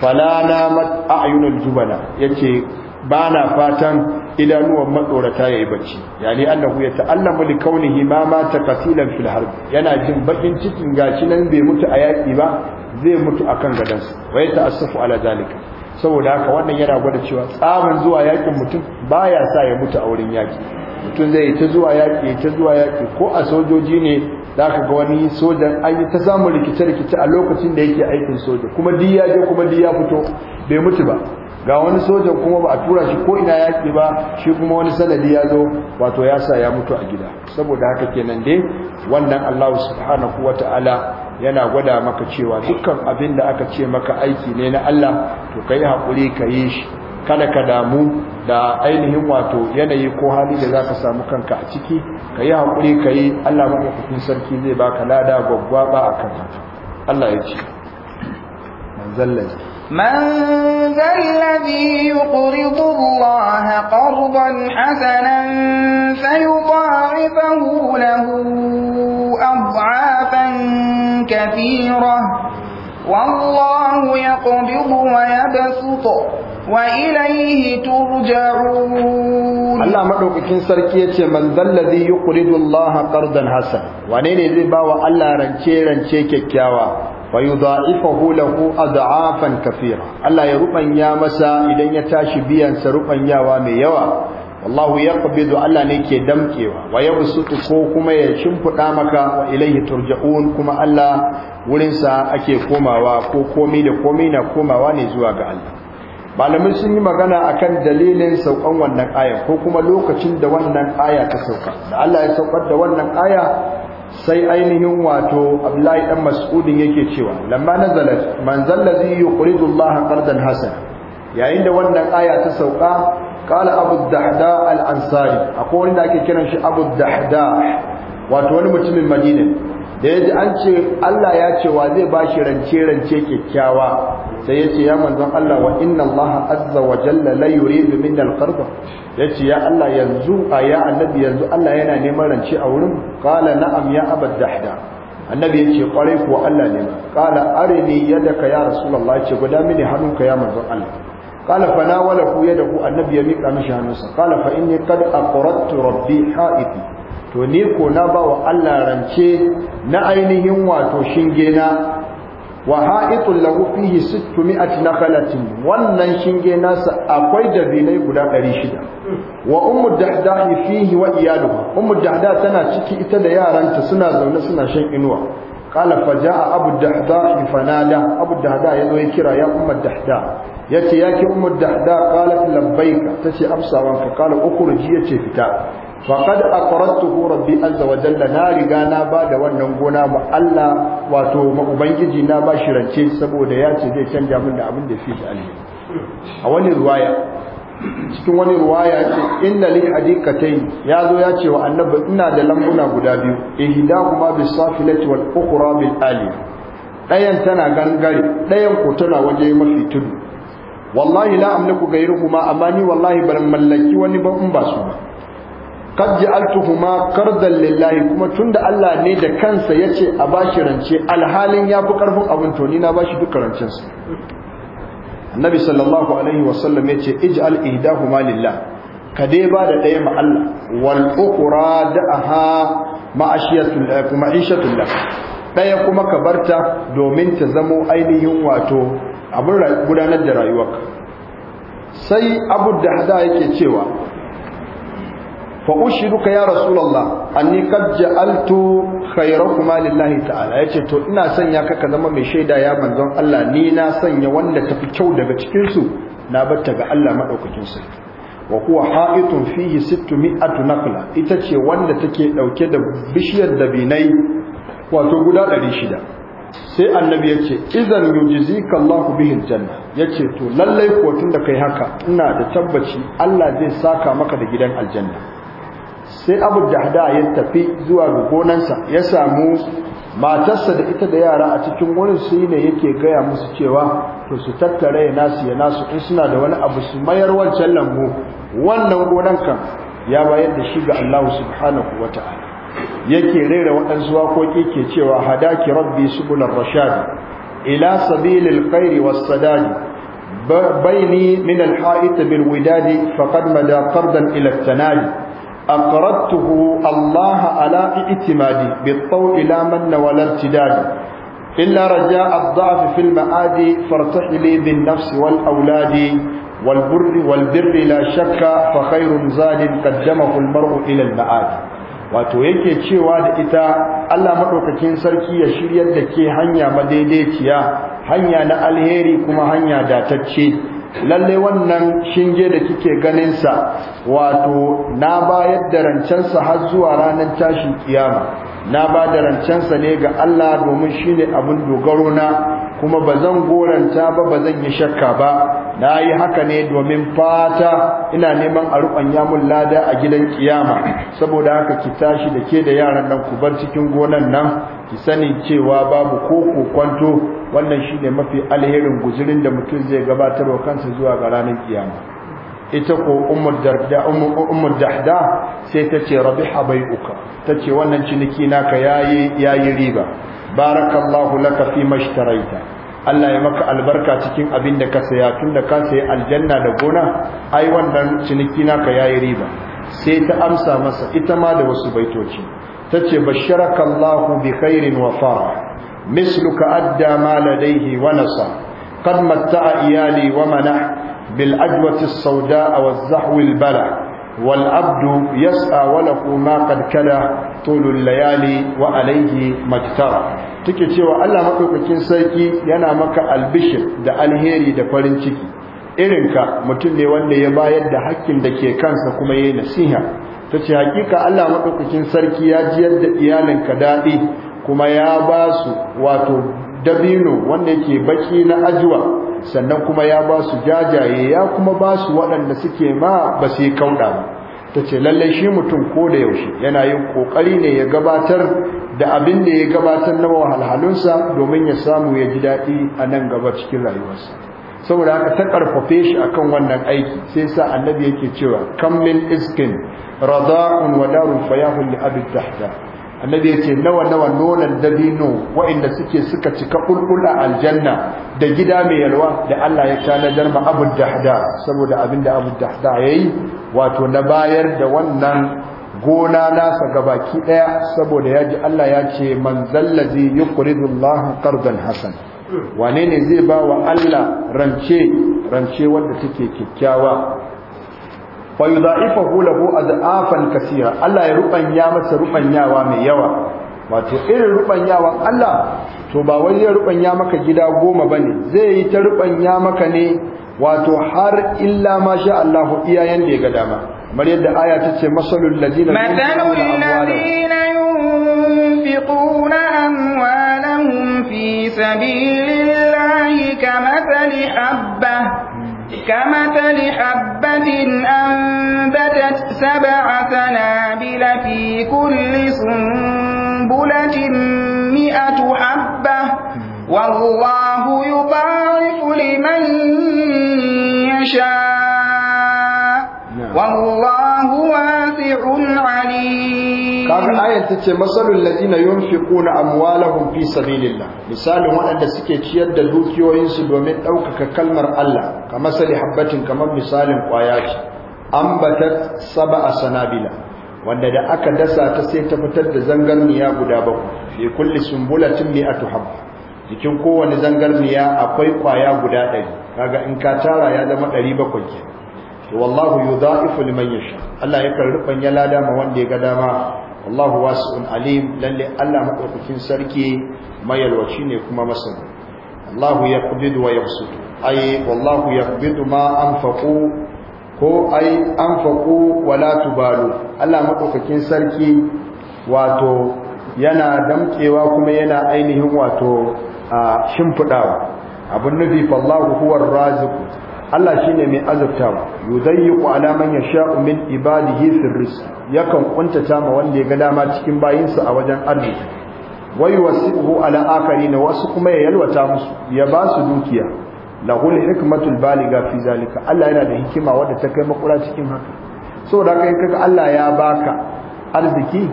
fala namat a'yunul jubala yace ba na fatan idanuwan matsorata ya yi bacci yani annahu ya ta'allama li kaunihi ma ta qatilan fil harb yana jin bakin cikin gashi nan bai mutu a yaƙi ba zai mutu akan gadansa wa ya ta'assafu ala zalika saboda haka wannan yana gwada cewa tsamin zuwa yakin mutum baya sa ya mutu a wurin yaki mutum zai ta zuwa yaki ta zuwa yaki ko a sojoji ne da aka ga wani sojan an ta samun rikice-rikice a lokacin da yake aikin soja kuma di ya je kuma di ya fito bai mutu ba ga wani sojan kuma ba a tura shi ko ina yaƙi ba shi kuma wani sanadi ya zo wato ya sa ya mutu a gida saboda haka kenan dai wannan allahu subhanahu wa ta'ala yana gwada maka cewa dukkan abin da aka ce maka aiki ne na allah to ka hakuri ka yi shi kada ka damu da ainihin wato yanayi ko hali da za ka samu kanka a ciki ka yi haƙuri ka yi allah maɗaukakin sarki zai baka lada ba a kan haka allah ya ce manzallai من ذا الذي يقرض الله قرضا حسنا فيضاعفه له أضعافا كثيرة والله يقبض ويبسط وإليه ترجعون الله مدوكين سركي يتي من ذا الذي يقرض الله قرضا حسنا wane ne zai bawa Allah rance rance kyakkyawa fa yudha'ifahu a ad'afan kathira Allah ya rubanya masa idan ya tashi biyan sa mai yawa wallahu yaqbidu Allah ne ke damkewa wa yabsutu ko kuma ya shimfiɗa maka wa ilayhi turja'un kuma Allah wurin sa ake komawa ko komai da komai na komawa ne zuwa ga Allah malamai sun yi magana akan dalilin saukan wannan aya ko kuma lokacin da wannan aya ta sauka da Allah ya saukar da wannan aya sai ainihin wato Abdullahi dan Mas'udin yake cewa lamma nazalat man ladhi yuqridu Allah qardan hasan yayin da wannan aya ta sauka قال أبو الدحداء الأنصاري أقول لك كنا أبو الدحداء وأتوني متمن مدينة da ya ji an ce Allah ya ce wa zai ba shi rance-rance kyakkyawa sai ya ce ya manzan Allah wa inna Allah azza wa jalla la yuridu min al ya ce ya a ya yanzu Allah yana neman rance a wurin qala na'am ya abad dahda annabi ya ce kwarai ko Allah ne qala arini yadaka ya rasulullah ya ce guda mini hannunka ya manzan Allah qala fa nawalahu yadahu annabi ya mika mishi hannunsa qala fa inni qad aqrattu rabbi to ni ko na ba wa Allah rance na ainihin wato shinge na wa haitun lahu fihi 600 nakhalatin wannan shinge nasa akwai binai guda 600 wa ummu dahdah fihi wa iyaluha ummu dahdah tana ciki ita da yaranta suna zaune suna shan inuwa qala fa jaa abu dahda fanada abu dahda yazo ya kira ya ummu dahda yace ya ki ummu dahda qalat labbaika tace amsa wanka qala ukhruji yace fita faqad aqradtuhu rabbi azza wa jalla na riga na ba da wannan gona ba Allah wato ubangiji na bashi rance saboda yace zai canja min da abin da fi da alheri a wani riwaya cikin wani ruwaya ce inna li yi.' ya zo ya ce wa annabi ina da lambuna guda biyu ihdahuma bis safilati wal ukhra bil ali dayan tana gangare dayan ko tana waje mafi tudu wallahi la amliku ghayruhuma amma ni wallahi ban mallaki wani ba in ba su ba tuhuma, ja'altuhuma qardan lillahi kuma tunda Allah ne da kansa ya ce a bashi rance alhalin yafi karfin abin toni na bashi duk rancen annabi sallallahu alaihi wasallam ya ce ij'al ihdahuma lillah ka dai ba da ɗaya ma Allah wal ukhra da'aha ma'ashiyatul eh, ma'ishatul ɗaya kuma ka barta domin ta zamo ainihin wato abin gudanar da rayuwarka sai abu da hada yake cewa fa ushiduka ya rasulullah kajja qad ja'altu kuma lillahi ta'ala yace to ina sanya ka zama mai shaida ya manzon Allah ni na sanya wanda tafi kyau daga cikin su na batta ga Allah madaukakin sa wa kuwa ha'itun fihi 600 naqla ita ce wanda take ɗauke da bishiyar dabinai wato guda 600 sai annabi yace idan yujzika Allahu bihin janna yace to lallai ko tunda kai haka ina da tabbaci Allah zai saka maka da gidan aljanna sai abu da hada ya tafi zuwa ga gonansa ya samu matarsa da ita da yara a cikin wurin su ne yake gaya musu cewa to su tattara ya nasu ya nasu in suna da wani abu su mayar wancan lambu wannan gonan kan ya bayar da shi ga Allah subhanahu wa yake rera waɗansu wakoki ke cewa hadaki rabbi subulan rashadi ila sabilil Kairi, Wassadadi; baini min al ha'it bil widadi faqad mada qardan ila أقرضته الله على اعتمادي بالطوع لا من ولا ارتداد إلا رجاء الضعف في المآد فارتح لي بالنفس والأولاد والبر والبر لا شك فخير زاد قدمه المرء إلى المآد wato yake cewa da ita Allah madaukakin sarki ya shiryar da ke hanya madaidaiciya hanya na alheri kuma hanya datacce lalle wannan shinge da kike ganinsa wato na bayar da rancensa har zuwa ranar tashin kiyama na ba da rancensa ne ga Allah domin shine abin dogaro na kuma bazan goranta ba ba zan yi shakka ba na yi haka ne domin fata ina neman a ruɓanya mun lada a gidan kiyama saboda haka ki tashi da ke da yaran nan ku bar cikin gonan nan ki sani cewa babu ko kwanto wannan shi ne mafi alherin guzurin da mutum zai gabatar wa kansa zuwa ga ranar kiyama ita ko Umar dahda sai ta ce rabi uka ta ce wannan ciniki naka yayi yayi riba barakallahu laka fi mashtaraita Allah ya maka albarka cikin abin da ka saya tun da ka saya aljanna da gona ai wannan ciniki naka yayi riba sai ta amsa masa ita ma da wasu baitoci tace basharakallahu bi khairin wa fara misluka adda ma ladayhi wa nasa qad matta'a iyali wa mana bil ajwati as-sawda'a waz-zahwi al-bala walabdu يسعى وله ما قد كلا طول layali وعليه ما take cewa Allah makaukakin sarki yana maka albishir da alheri da farin ciki Irin ka mutum ne wanda ya bayar da hakkin da ke kansa kuma ya nasiha ta ce hakika Allah makaukakin sarki ya jiyar da iyalinka daɗi kuma ya ba su wato dabino wanda yake baki na ajuwa sannan kuma ya ba su jajaye ya kuma ba su waɗanda suke ma ba su yi kauɗa ba ta ce lallai shi mutum ko da yaushe yana yin ƙoƙari ne ya gabatar da abin da ya gabatar na wahalhalunsa domin ya samu ya ji daɗi a nan gaba cikin rayuwarsa saboda haka ta ƙarfafe shi a kan wannan aiki sai sa annabi yake cewa kamlin iskin rada'un wa darun fayahul li abin tahta annabi yace nawa nawa nonan dabino wa'inda suke suka cika ƙulƙula aljanna da gida mai yalwa da Allah ya tanadar jarma abin dahda saboda abin da abu ya yayi wato na bayar da wannan gona nasa ga baki daya saboda ya ji Allah ya ce man zallazi yuqridu Allah qardan hasan wane ne zai ba wa Allah rance rance wanda take kikkiawa fa yudha'ifahu lahu ad'afan kaseera Allah ya rubanya masa rubanyawa mai yawa wato irin rubanyawa Allah to ba wai ya rubanya maka gida goma bane zai yi ta rubanya maka ne wato har illa masha Allah iyayen da ya ga dama kamar yadda aya ta ce masalul ladina masalul ladina yunfiquna amwalahum fi sabilillahi kamathali habbah كمثل حبة أنبتت سبع سنابل في كل سنبلة مئة حبة والله يضاعف لمن يشاء wallahu wasi'un alim kaga ayat tace masalul ladina yunfiquna amwalahum fi sabilillah misalin waɗanda suke ciyar da dukiyoyinsu domin ɗaukaka kalmar Allah kamar sali habbatin kamar misalin kwaya ce ambatat sab'a sanabila wanda da aka dasa ta sai ta fitar da zangarniya guda bakwai fi kulli sumbulatin mi'atu habba jikin kowane zangarniya akwai kwaya guda ɗari kaga in ka tara ya zama ɗari kenan to wallahu yudha'ifu liman yasha Allah ya yakan ya lada ma wanda ya ga dama wallahu wasi'un alim lalle Allah madaukakin sarki mayalwaci ne kuma masani Allahu yaqbidu wa yabsut ay wallahu yaqbidu ma anfaqu ko ay anfaqu wa la tubalu Allah madaukakin sarki wato yana damkewa kuma yana ainihin wato shimfidawa abun nufi fallahu huwar raziqu Allah shine mai azurtawa yudayyiqu ala man yasha'u min ibadihi fil yakan kuntata ma wanda ya ga dama cikin bayinsa a wajen arziki wai wasihu ala na wasu kuma ya yalwata musu ya ba su dukiya lahul hikmatul baliga fi zalika Allah yana da hikima wadda ta kai makura cikin haka saboda haka in kaga Allah ya baka arziki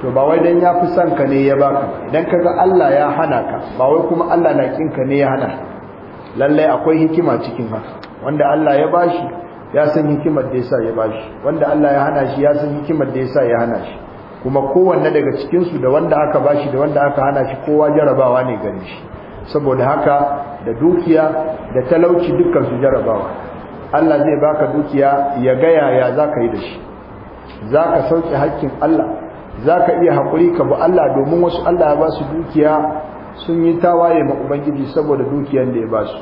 to ba wai dan ya fi son ka ne ya baka idan kaga Allah ya hana ka ba wai kuma Allah na kinka ne ya hana lalle akwai hikima cikin haka wanda Allah ya bashi ya san hikimar da yasa ya bashi wanda Allah ya hana shi ya san hikimar da yasa ya hana shi kuma kowanne daga cikin su da wanda aka bashi da wanda aka hana shi kowa jarabawa ne gare shi saboda haka da dukiya da talauci dukkan su jarabawa Allah zai baka dukiya ya gaya ya zaka yi da shi zaka sauke hakkin Allah zaka iya hakuri ka bu Allah domin wasu Allah ya ba su dukiya sun yi tawaye ma ubangiji saboda dukiyar da ya ba su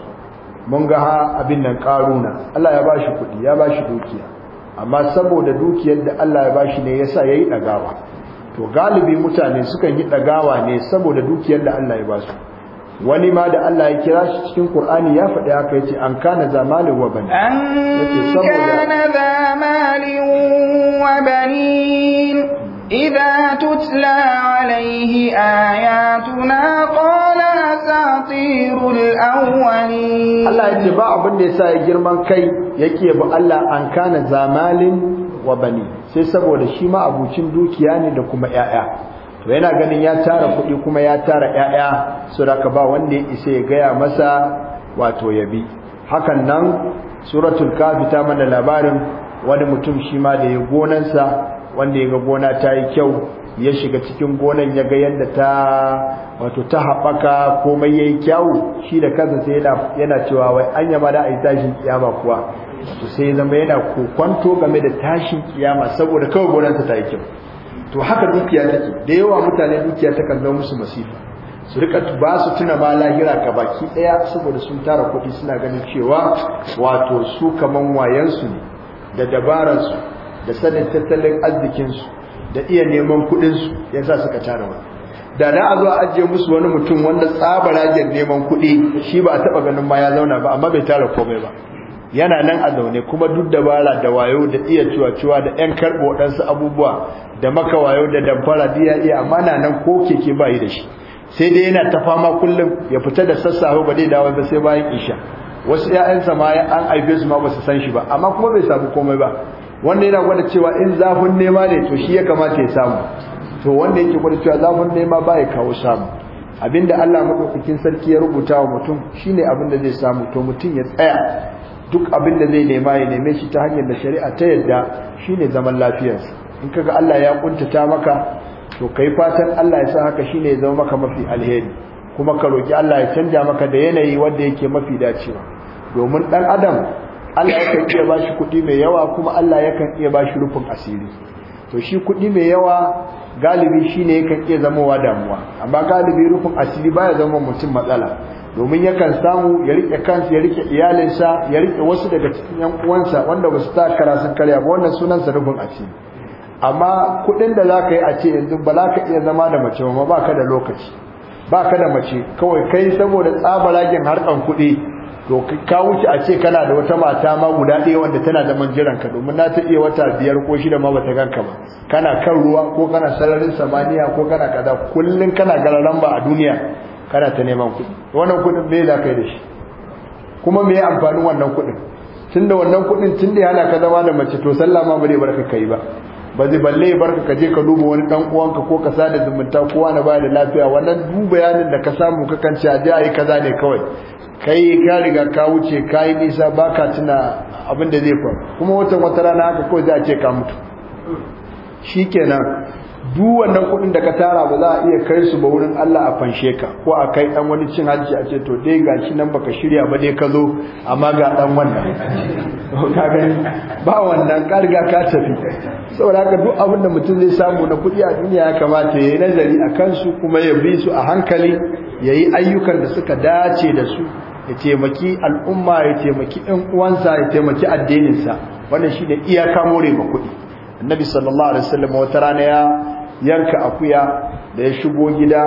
mun ga ha abin nan karuna Allah ya bashi kuɗi ya bashi dukiya amma saboda dukiyar da Allah ya bashi ne yasa yayi dagawa to galibi mutane sukan yi dagawa ne saboda dukiyar da Allah ya basu wani ma da Allah ya kira shi cikin Qur'ani ya faɗi haka yace an kana zamali wa bani yace saboda idza tutla alaihi ayatuna qala asatirul awwali Allah yake ba abin da yasa ya girman kai yake ba Allah an kana zamalin wa bani sai saboda shi ma abucin dukiya ne da kuma yaya to yana ganin ya tara kuɗi kuma ya tara yaya da ka ba wanda ya isa ya gaya masa wato ya bi, hakan nan suratul kafi ta mana labarin wani mutum shi ma da ya gonansa wanda ya ga gona ta yi kyau ya shiga cikin gonan ya ga yadda ta wato ta haɓaka komai ya yi kyawu shi da kansa sai yana cewa wai an yaba da a tashin kiyama kuwa to sai zama yana kokwanto game da tashin kiyama saboda kawai gonarsa ta yi kyau to haka dukiya take da yawa mutane dukiya ta kallon musu masifa su rika ba su tuna ma lahira ka baki ɗaya saboda sun tara kuɗi suna ganin cewa wato su kaman wayansu ne da dabaransu da sanin tattalin arzikinsu da iya neman kudinsu ya sa suka tara wa? da na a zo a ajiye musu wani mutum wanda tsaba tsabaragen neman kudi shi ba a taba ganin ma ya zauna ba amma bai tara komai ba yana nan a zaune kuma duk dabara da wayo da iya cuwacuwa cewa da yan karɓo waɗansu abubuwa da maka wayo da damfara da iya amma na nan ko keke ba yi da shi sai dai yana ta fama kullum ya fita da sassafe ba dai dawo ba sai bayan isha wasu 'ya'yansa ma an aibe su ma ba su san shi ba amma kuma bai samu komai ba wannan yana gwada cewa in zafin nema ne to shi ya kamata ya samu to wanda yake gwada cewa zafin nema ba ya kawo samu abinda Allah madaukakin sarki ya rubuta wa mutum shine abinda zai samu to mutum ya tsaya duk abinda zai nema ya neme shi ta hanyar da shari'a ta yadda shine zaman lafiyarsa in kaga Allah ya kuntata maka to kai fatan Allah ya sa haka shine ya zama maka mafi alheri kuma ka roki Allah ya canja maka da yanayi wanda yake mafi dacewa domin dan adam Allah yakan iya ba shi kuɗi mai yawa kuma Allah yakan iya ba shi rufin asiri to shi kuɗi mai yawa galibi shi shine yakan iya zamowa damuwa amma galibi rufin asiri baya zama mutum matsala domin yakan samu ya rike kansa ya rike iyalinsa ya rike wasu daga cikin yan uwansa wanda ba su ta kara sun karya ba wannan sunansa rufin asiri amma kuɗin da zaka yi a ce yanzu ba za ka iya zama da mace ba ba ka da lokaci ba ka da mace kawai kai saboda tsabaragen harkan kuɗi to ka wuce a ce kana da wata mata ma guda ɗaya wanda tana da manjiran ka domin na ta iya wata biyar ko shida ma bata ganka ba kana kan ruwa ko kana sararin samaniya ko kana kaza kullun kana gararan ba a duniya kana ta neman kuɗi wannan kuɗin me za kai da shi kuma me amfanin wannan kuɗin tunda wannan kuɗin tunda yana ka zama da mace to sallah ma ba zai barka kai ba ba zai balle barka ka je ka duba wani dan uwanka ko ka sada zumunta ko wani ba da lafiya wannan duba yanin da ka samu kakan ci a je ayi kaza ne kawai kai ka riga ka wuce ka nisa baka ka tuna abin da zai faru kuma watan wata rana haka ko za a ce ka mutu Shikenan kenan duk wannan kuɗin da ka tara ba za a iya kai su ba wurin Allah a fanshe ka ko a kai ɗan wani cin hajji a ce to dai ga nan baka shirya ba dai ka zo amma ga ɗan wannan (laughs) ba wannan ka ka tafi saboda haka duk abin da mutum zai samu na kudi a duniya ya kamata ya yi nazari a kansu kuma ya bi su a hankali yayi ayyukan da suka dace da su ya taimaki al'umma ya taimaki ɗin uwansa ya taimaki addininsa wannan shi ne iyaka more ma kuɗi annabi sallallahu alaihi wasallam wata rana ya yanka akuya da ya shigo gida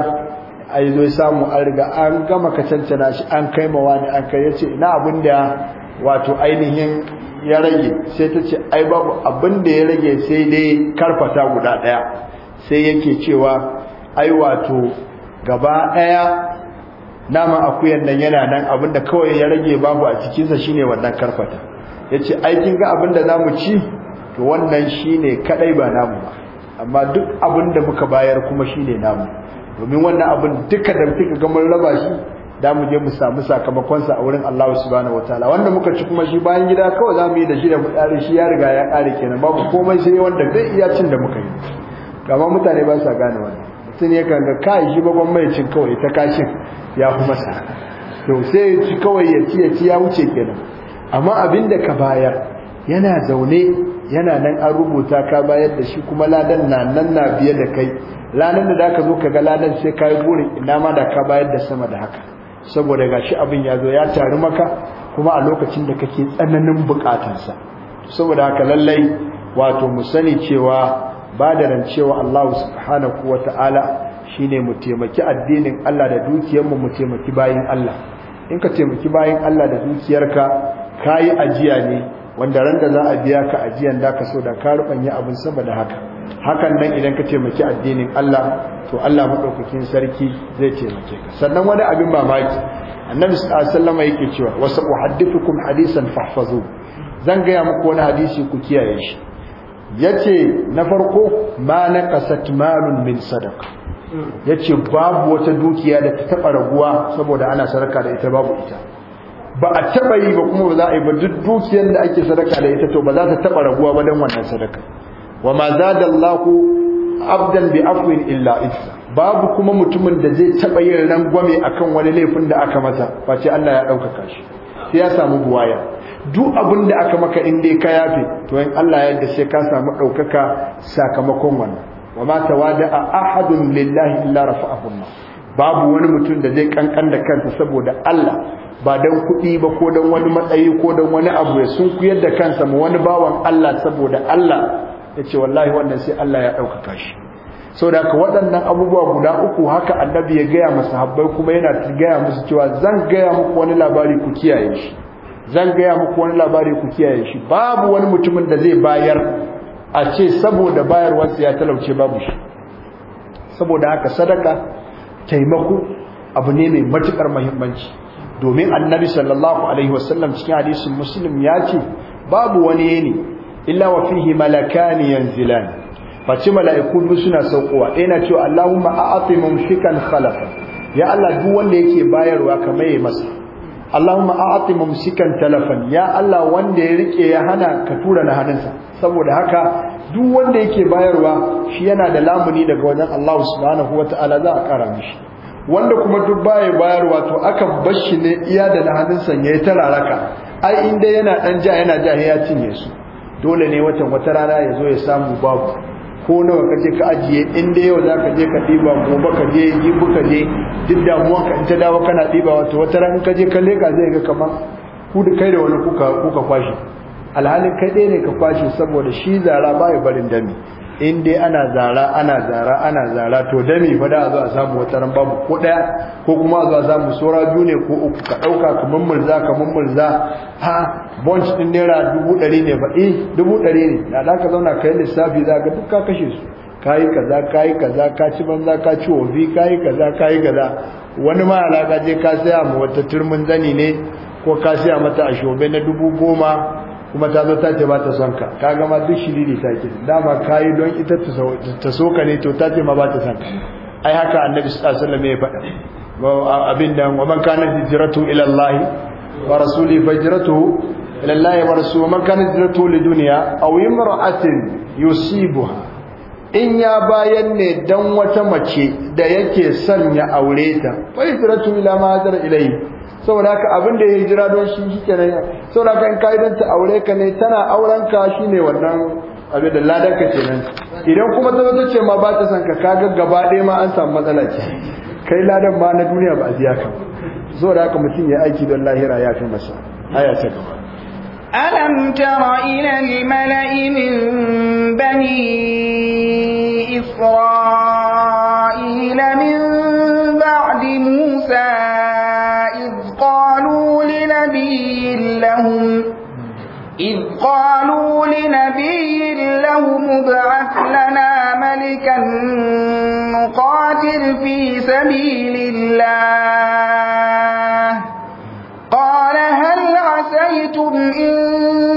a yi zai samu an riga an gama kacancana shi an kai ma wani an kai ya ce ina abin da wato ainihin ya rage sai ta ce ai babu abin da ya rage sai dai karfata guda ɗaya sai yake cewa ai wato gaba ɗaya naman akuyan nan yana nan abinda kawai ya rage babu a cikinsa shine wannan karfata Ya ce aikin ga abinda mu ci to wannan shine kadai ba namu ba amma duk abinda muka bayar kuma shine namu domin wannan abin duka da muka gamar raba shi da mu je mu samu sakamakonsa a wurin Allah subhanahu wataala wanda muka ci kuma shi bayan gida kawai za mu yi da shi da mu tsare shi ya riga ya kare kenan babu komai sai wanda zai iya cin da muka yi Kamar mutane ba sa gane wannan sun ya kanta kai shi babban mai cin kawai ta kashin ya fi masa to sai ya kawai ya ci ya ci ya wuce kenan amma abin da ka bayar yana zaune yana nan an rubuta ka bayar da shi kuma ladan na nan na biye da kai ladan da zaka zo ka ga ladan sai ka yi burin ina ma da ka bayar da sama da haka saboda gashi abin ya zo ya taru maka kuma a lokacin da kake tsananin bukatarsa saboda haka lallai wato mu sani cewa ba da rancewa Allah subhanahu shi ne mu taimaki addinin Allah da dukiyarmu mu taimaki bayin Allah in ka taimaki bayan Allah da dukiyarka ka yi ajiya ne wanda ran za a biya ka ajiyan da ka so da ka rubanya abin saba da haka hakan nan idan ka taimaki addinin Allah to Allah madaukakin sarki zai taimake ka sannan wani abin mamaki annabi sallallahu alaihi wasallam yake cewa wasa uhaddithukum hadisan fahfazu zan ga muku wani hadisi ku kiyaye shi yace na farko ma na malun min sadaka yace babu wata dukiya da ta taba raguwa saboda ana sadaka da ita babu ita ba a taba yi ba kuma ba za a yi ba duk dukiyar da ake sadaka da ita to ba za ta taɓa raguwa ba dan wannan sadaka wa ma da Allahu abdan bi afwin illa ifsa babu kuma mutumin da zai taba yin rangwame akan wani laifin da aka masa face Allah ya dauka shi sai ya samu buwaya duk abin da aka maka inda dai ka yafe to in Allah ya yarda sai ka samu ɗaukaka sakamakon wannan wa ma tawada'a ahadun lillahi illa rafa'ahu babu wani mutum da zai kankan da kansa saboda Allah ba dan kuɗi ba ko dan wani matsayi ko dan wani abu ya sun kuyar da kansa ma wani bawan Allah saboda Allah yace wallahi wannan sai Allah ya ɗaukaka shi saboda ka waɗannan abubuwa guda uku haka annabi ya gaya masu habbai kuma yana gaya musu cewa zan gaya muku wani labari ku kiyaye shi zan gaya muku wani labari ku kiyaye shi babu wani mutumin da zai bayar a ce saboda bayarwarsa ya talauce babu shi saboda haka sadaka taimako abu ne mai matukar muhimmanci domin annabi sallallahu alaihi wasallam cikin hadisin muslim ya ce babu wani yini illa wa fihi malakani yanzilan face mala'iku biyu suna saukowa ɗaya na cewa Allahumma a'ati mumfikan khalafa ya Allah duk wanda yake bayarwa kamar maye masa Allahumma a'ti mumsikan talafan ya Allah wanda ya rike ya hana ka tura na hannunsa saboda haka duk wanda yake bayarwa shi yana da lamuni daga wajen Allah subhanahu wataala za a kara mishi wanda kuma duk baya bayarwa to aka bashi ne iya da na hannunsa ya ta raraka ai inda yana dan ja yana ja ya cinye su dole ne watan wata rana ya zo ya samu babu ko nawa kaje ka ajiye in da yau za ka je ka ɗiba gobe ka je yi buka je duk damuwa ka ta dawo kana ɗiba wato wata ran ka je ka leka zai ga kamar ku da kai da wani kuka kuka kwashi alhalin kai ɗaya ne ka kwashe saboda shi zara ba barin dami in dai ana zara ana zara ana zara to da fa da zuwa samu wata ran babu ko daya ko kuma zuwa samu sora biyu ne ko uku ka dauka ka mummurza ka mummurza ha bunch din naira dari ne ba eh dari ne da da ka zauna kai lissafi za ka duka kashe su kayi kaza kayi kaza ka ci banza ka ci obi kayi kaza kayi kaza wani ma alaka je ka saya mu wata turmin zani ne ko ka saya mata ashobe na dubu goma kuma ta zo ta ce ba ta son ka ka gama duk ne ta ke dama ka yi don ita ta so ka ne to ta ce ma ba ta son ka ai haka annabi sallallahu alaihi wasallam ya faɗa abin da wa man kana hijratu ila Allah wa rasuli fajratu ila Allah wa rasuli man kana hijratu li dunya aw imra'atin yusibuha in ya bayan ne dan wata mace da yake son ya aure ta fajratu ila ma ilayhi saboda haka abin da ya hijira don shi shi kenan ya saboda haka in ka idan ta aure ka ne tana auren ka ne wannan abin da ladan ka nan idan kuma ta zata ce ma ba ta san ka kaga gaba ɗaya ma an samu matsala ce kai ladan ma na duniya ba a biya ka saboda haka mutum ya aiki don lahira ya fi masa aya ta gaba ألم تر إلى malai min bani isra'ila min لهم إذ قالوا لنبي لهم ابعث لنا ملكا نقاتل في سبيل الله قال هل عسيتم إن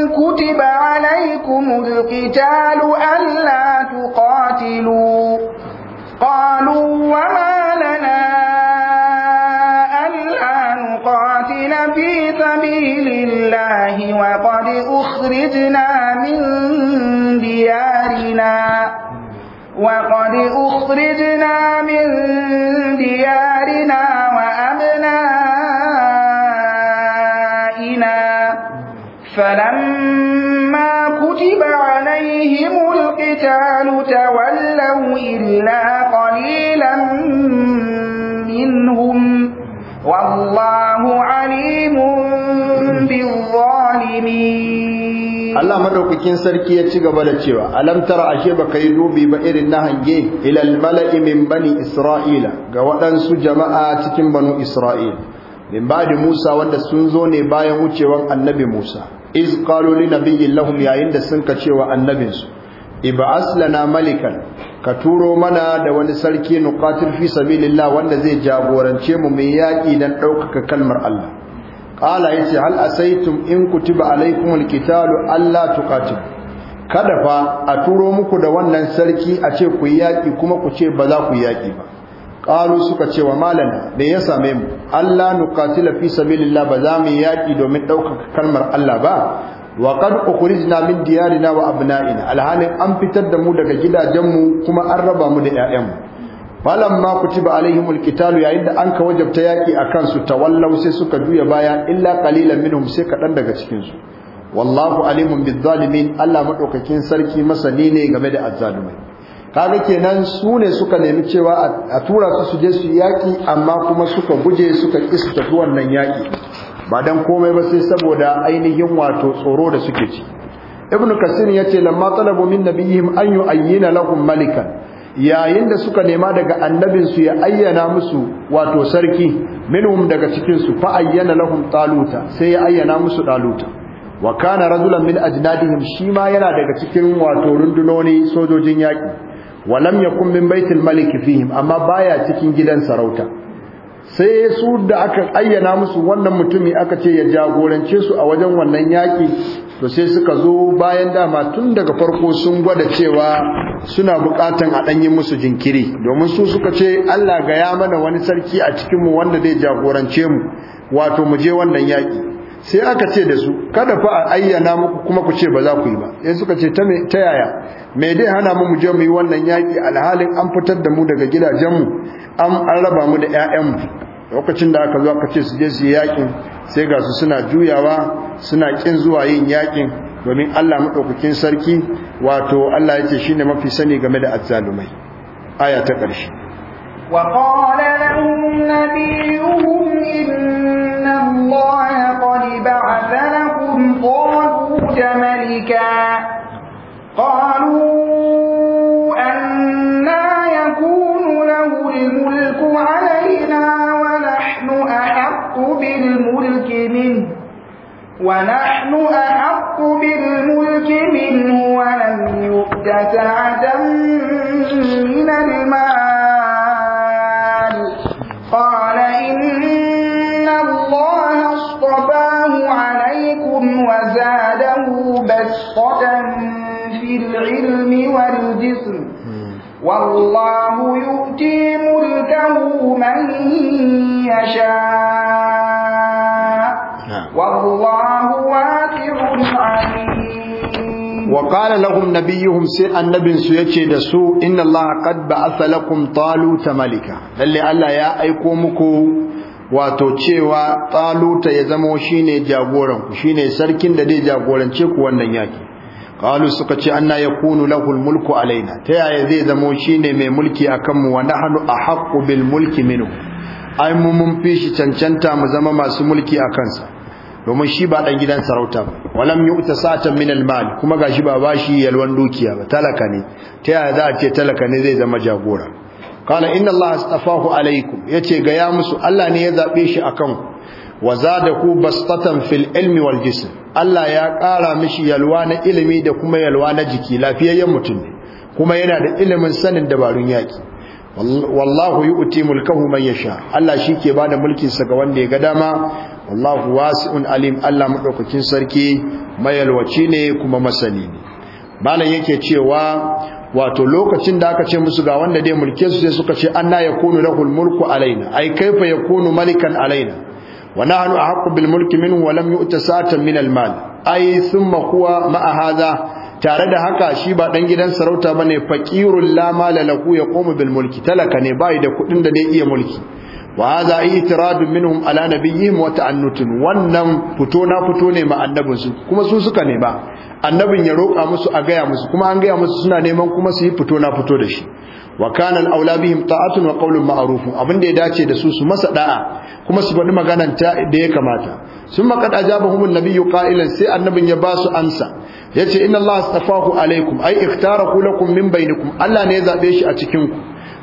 كتب عليكم القتال ألا تقاتلوا قالوا وما يجاهدون في سبيل الله وقد أخرجنا من ديارنا وقد أخرجنا من ديارنا وأبنائنا فلما كتب عليهم القتال تولوا إلا قليلا منهم والله عالم Allah madaukakin sarki ya ci gaba da cewa alam tara ashe baka yi dubi ba irin na hange ilal mala'i min bani isra'ila ga waɗansu jama'a cikin banu isra'ila min ba'di Musa wanda sun zo ne bayan wucewan annabi Musa iz qalu li nabiyyin lahum yayin da sun ka cewa su ib'as lana malikan ka turo mana da wani sarki nuqatil fi sabilillah wanda zai jagorance mu mai yaki dan ɗaukaka kalmar Allah qala yace hal asaitum in ku kutiba alaikumul qitalu allah tuqatil kada fa a turo muku da wannan sarki a ce ku yaki kuma ku ce ba za ku yaki ba qalu suka ce wa malana da ya same mu allah nuqatila fi sabilillah ba za mu yaki domin ɗaukaka kalmar Allah ba wa qad ukhrijna min diyarina wa abna'ina alhalin an fitar da mu daga gidajen mu kuma an raba mu da mu ma ci ba alaihimul kitalu yayin da an ka wajabta yaki akan su tawallau sai suka juya baya illa qalilan minhum sai kaɗan daga cikinsu. su wallahu alimun zalimin Allah madaukakin sarki masani ne game da azzalumai kaga kenan su ne suka nemi cewa a tura su su je su yaki amma kuma suka guje suka kisa tafi wannan yaki ba dan komai ba sai saboda ainihin wato tsoro da suke ci ibnu kasir yace lamma talabu min nabiyihim an yu'ayyina lahum malikan yayin da suka nema daga annabinsu ya ayyana musu wato sarki minhum daga cikinsu fa ayyana lahum taluta sai ya ayyana musu taluta wa kana rajulan min ajnadihim shi ma yana daga cikin wato rundunoni sojojin yaki wa lam yakun min baitil malik fihim amma baya cikin gidan sarauta sai su da aka ayyana musu wannan mutumi aka ce ya jagorance su a wajen wannan yaki to sai suka zo bayan dama tun daga farko sun gwada cewa suna bukatan a danyi musu jinkiri domin su suka ce Allah ga ya mana wani sarki a cikin mu wanda zai jagorance mu wato mu je wannan yaƙi sai aka ce da su kada fa a ayyana muku kuma ku ce ba za ku yi ba sai suka ce ta yaya me dai hana mu mu je mu yi wannan yaki alhalin an fitar da mu daga gidajen mu an raba mu da mu lokacin da aka zo aka ce su je su yaƙin yakin sai ga su suna juyawa suna kin zuwa yin yaƙin, domin Allah madaukakin sarki wato Allah yace shine mafi sani game da azzalumai aya ta ƙarshe wa qala lahum nabiyuhum inna allaha qad ba'atha lakum malika qalu anna yakunu lahu al-mulku alayna ونحن أحق بالملك منه ونحن أحق بالملك منه ولم يؤت سعة من المال قال إن الله اصطفاه عليكم وزاده بسطة في العلم والجسم والله يؤتي ملكه من يشاء والله واسع وقال لهم نبيهم سي النبي سو yace da su inna Allah qad ba'atha lakum talut malika lalle Allah ya aiko muku wato cewa taluta ya zamo shine jagoran ku shine sarkin da zai jagorance ku wannan yaki qalu suka ce anna yakunu lahul mulku alaina ta yaya zai zamo shine mai mulki akan mu wa nahnu ahaqqu bil mulki minhu ai mu mun fi shi cancanta mu zama masu mulki a kansa domin shi ba dan gidan sarauta ba walam yu'ta sa'atan min al-mal kuma gashi ba bashi yalwan dukiya ba talaka ne ta yaya za a ce talaka ne zai zama jagora qala inna allaha astafahu alaykum yace ga ya musu Allah ne ya zabe shi akan ku wa ku bastatan fil ilmi wal jism Allah ya kara mishi yalwa na ilimi da kuma yalwa na jiki lafiyayyen mutum ne kuma yana da ilimin sanin dabarun yaki wallahu yu'ti mulkahu man yasha Allah shi ke bada mulkin sa ga wanda ya ga dama wallahu wasi'un alim Allah madaukakin sarki mayalwaci ne kuma masani ne malan yake cewa wato lokacin da aka ce musu ga wanda dai mulke su sai suka ce anna yakunu lahul mulku alaina ai kaifa yakunu malikan alaina wa nahnu ahqqu bil mulki min wa lam yu'ta sa'atan min al mal ai thumma huwa ma'a hadha tare da haka shi ba dan gidan sarauta bane faqirul la mala lahu yaqumu bil mulki talaka ne bai da kudin da zai iya mulki wa hadha i'tiradun minhum ala nabiyihim wa ta'annutun wannan fito na fito ne ma annabin su kuma su suka ne ba annabin ya roka musu a gaya musu kuma an gaya musu suna neman kuma su yi fito na fito da shi wa kana al-aula bihim ta'atun wa qawlun ma'ruf abinda ya dace da su su masa da'a kuma su faɗi maganan ta da ya kamata sun maqad ajabahum an-nabiyyu qa'ilan sai annabin ya ba su amsa yace inna Allah astafahu alaikum ai ikhtaraku lakum min bainikum Allah ne ya zabe shi a cikin ku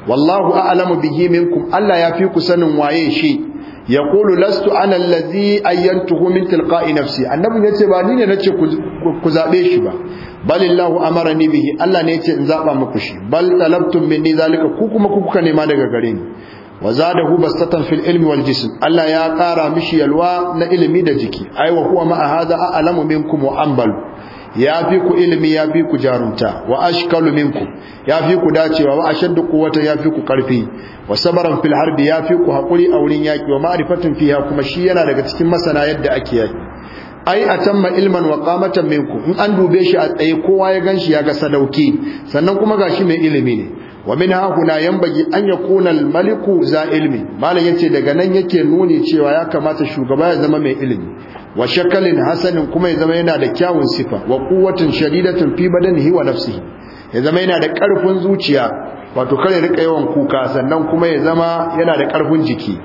wallahu a'lamu bihi minkum Allah ya fi ku sanin waye shi kulu lastu ana lazi ayyantuhu min tilqa'i nafsi annabi yace ba ni ne nace ku zabe shi ba balillahu amarani bihi Allah ne yace in zaba muku shi bal talabtum minni zalika ku kuma ku kuka nema daga gare ni wa zadahu bastatan fil ilmi wal jism Allah ya kara mishi yalwa na ilimi da jiki ai wa huwa ma hadha a'lamu minkum wa anbal ya fi ku ilimi ya fi ku jarumta wa ashkalu minku ya fi ku dacewa wa ashaddu quwwatan ya fi ku karfi wa sabaran fil harbi ya fi ku hakuri a wurin yaki wa ma'rifatin fiha kuma shi yana daga cikin masana yadda ake yi. ai atamma ilman wa qamatan minku in an dube shi a tsaye kowa ya ganshi ya ga sadauki sannan kuma gashi mai ilimi ne wa min hahuna yambagi an yakuna al-maliku za ilmi malam yace daga nan yake nuni cewa ya kamata shugaba ya zama mai ilimi wa shakalin hasanin kuma ya zama yana da kyawun sifa wa kuwatin shadidatin fi badanihi wa nafsi ya zama yana da karfin zuciya wato kare rika yawan kuka sannan kuma ya zama yana da karfin jiki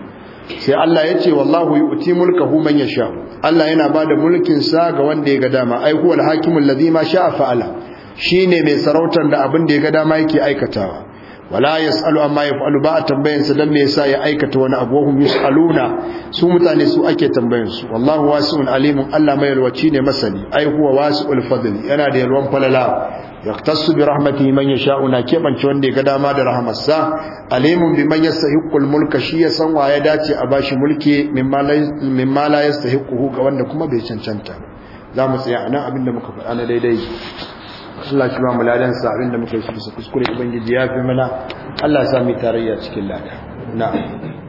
sai Allah ya ce wallahu yu'ti mulkahu man yasha Allah yana bada mulkin sa ga wanda ya ga dama ai huwal Lazima ladhi ma sha'a fa'ala shine mai sarautar da abin da ya ga dama yake aikatawa wala yasalu amma yaf'alu ba a tambayan sa dan me yasa ya aikata wani abu hum yasaluna su mutane su ake tambayan su wallahu wasi'un alimun Allah mai alwaci ne masani ai huwa wasi'ul fadli yana da yalwan falala yaktasu bi rahmatihi man yasha'u na kebance wanda ya ga dama da rahamarsa. alimun bi man yasahiqul mulka shi ya san waye dace a bashi mulki min mimma la yastahiquhu ga wanda kuma bai cancanta za mu tsaya anan abinda muka faɗa na daidai Allah shi ba mu ladan sa abin da muke shi kuskure ubangiji ya fi mana Allah ya sa mu tarayya cikin lada na'am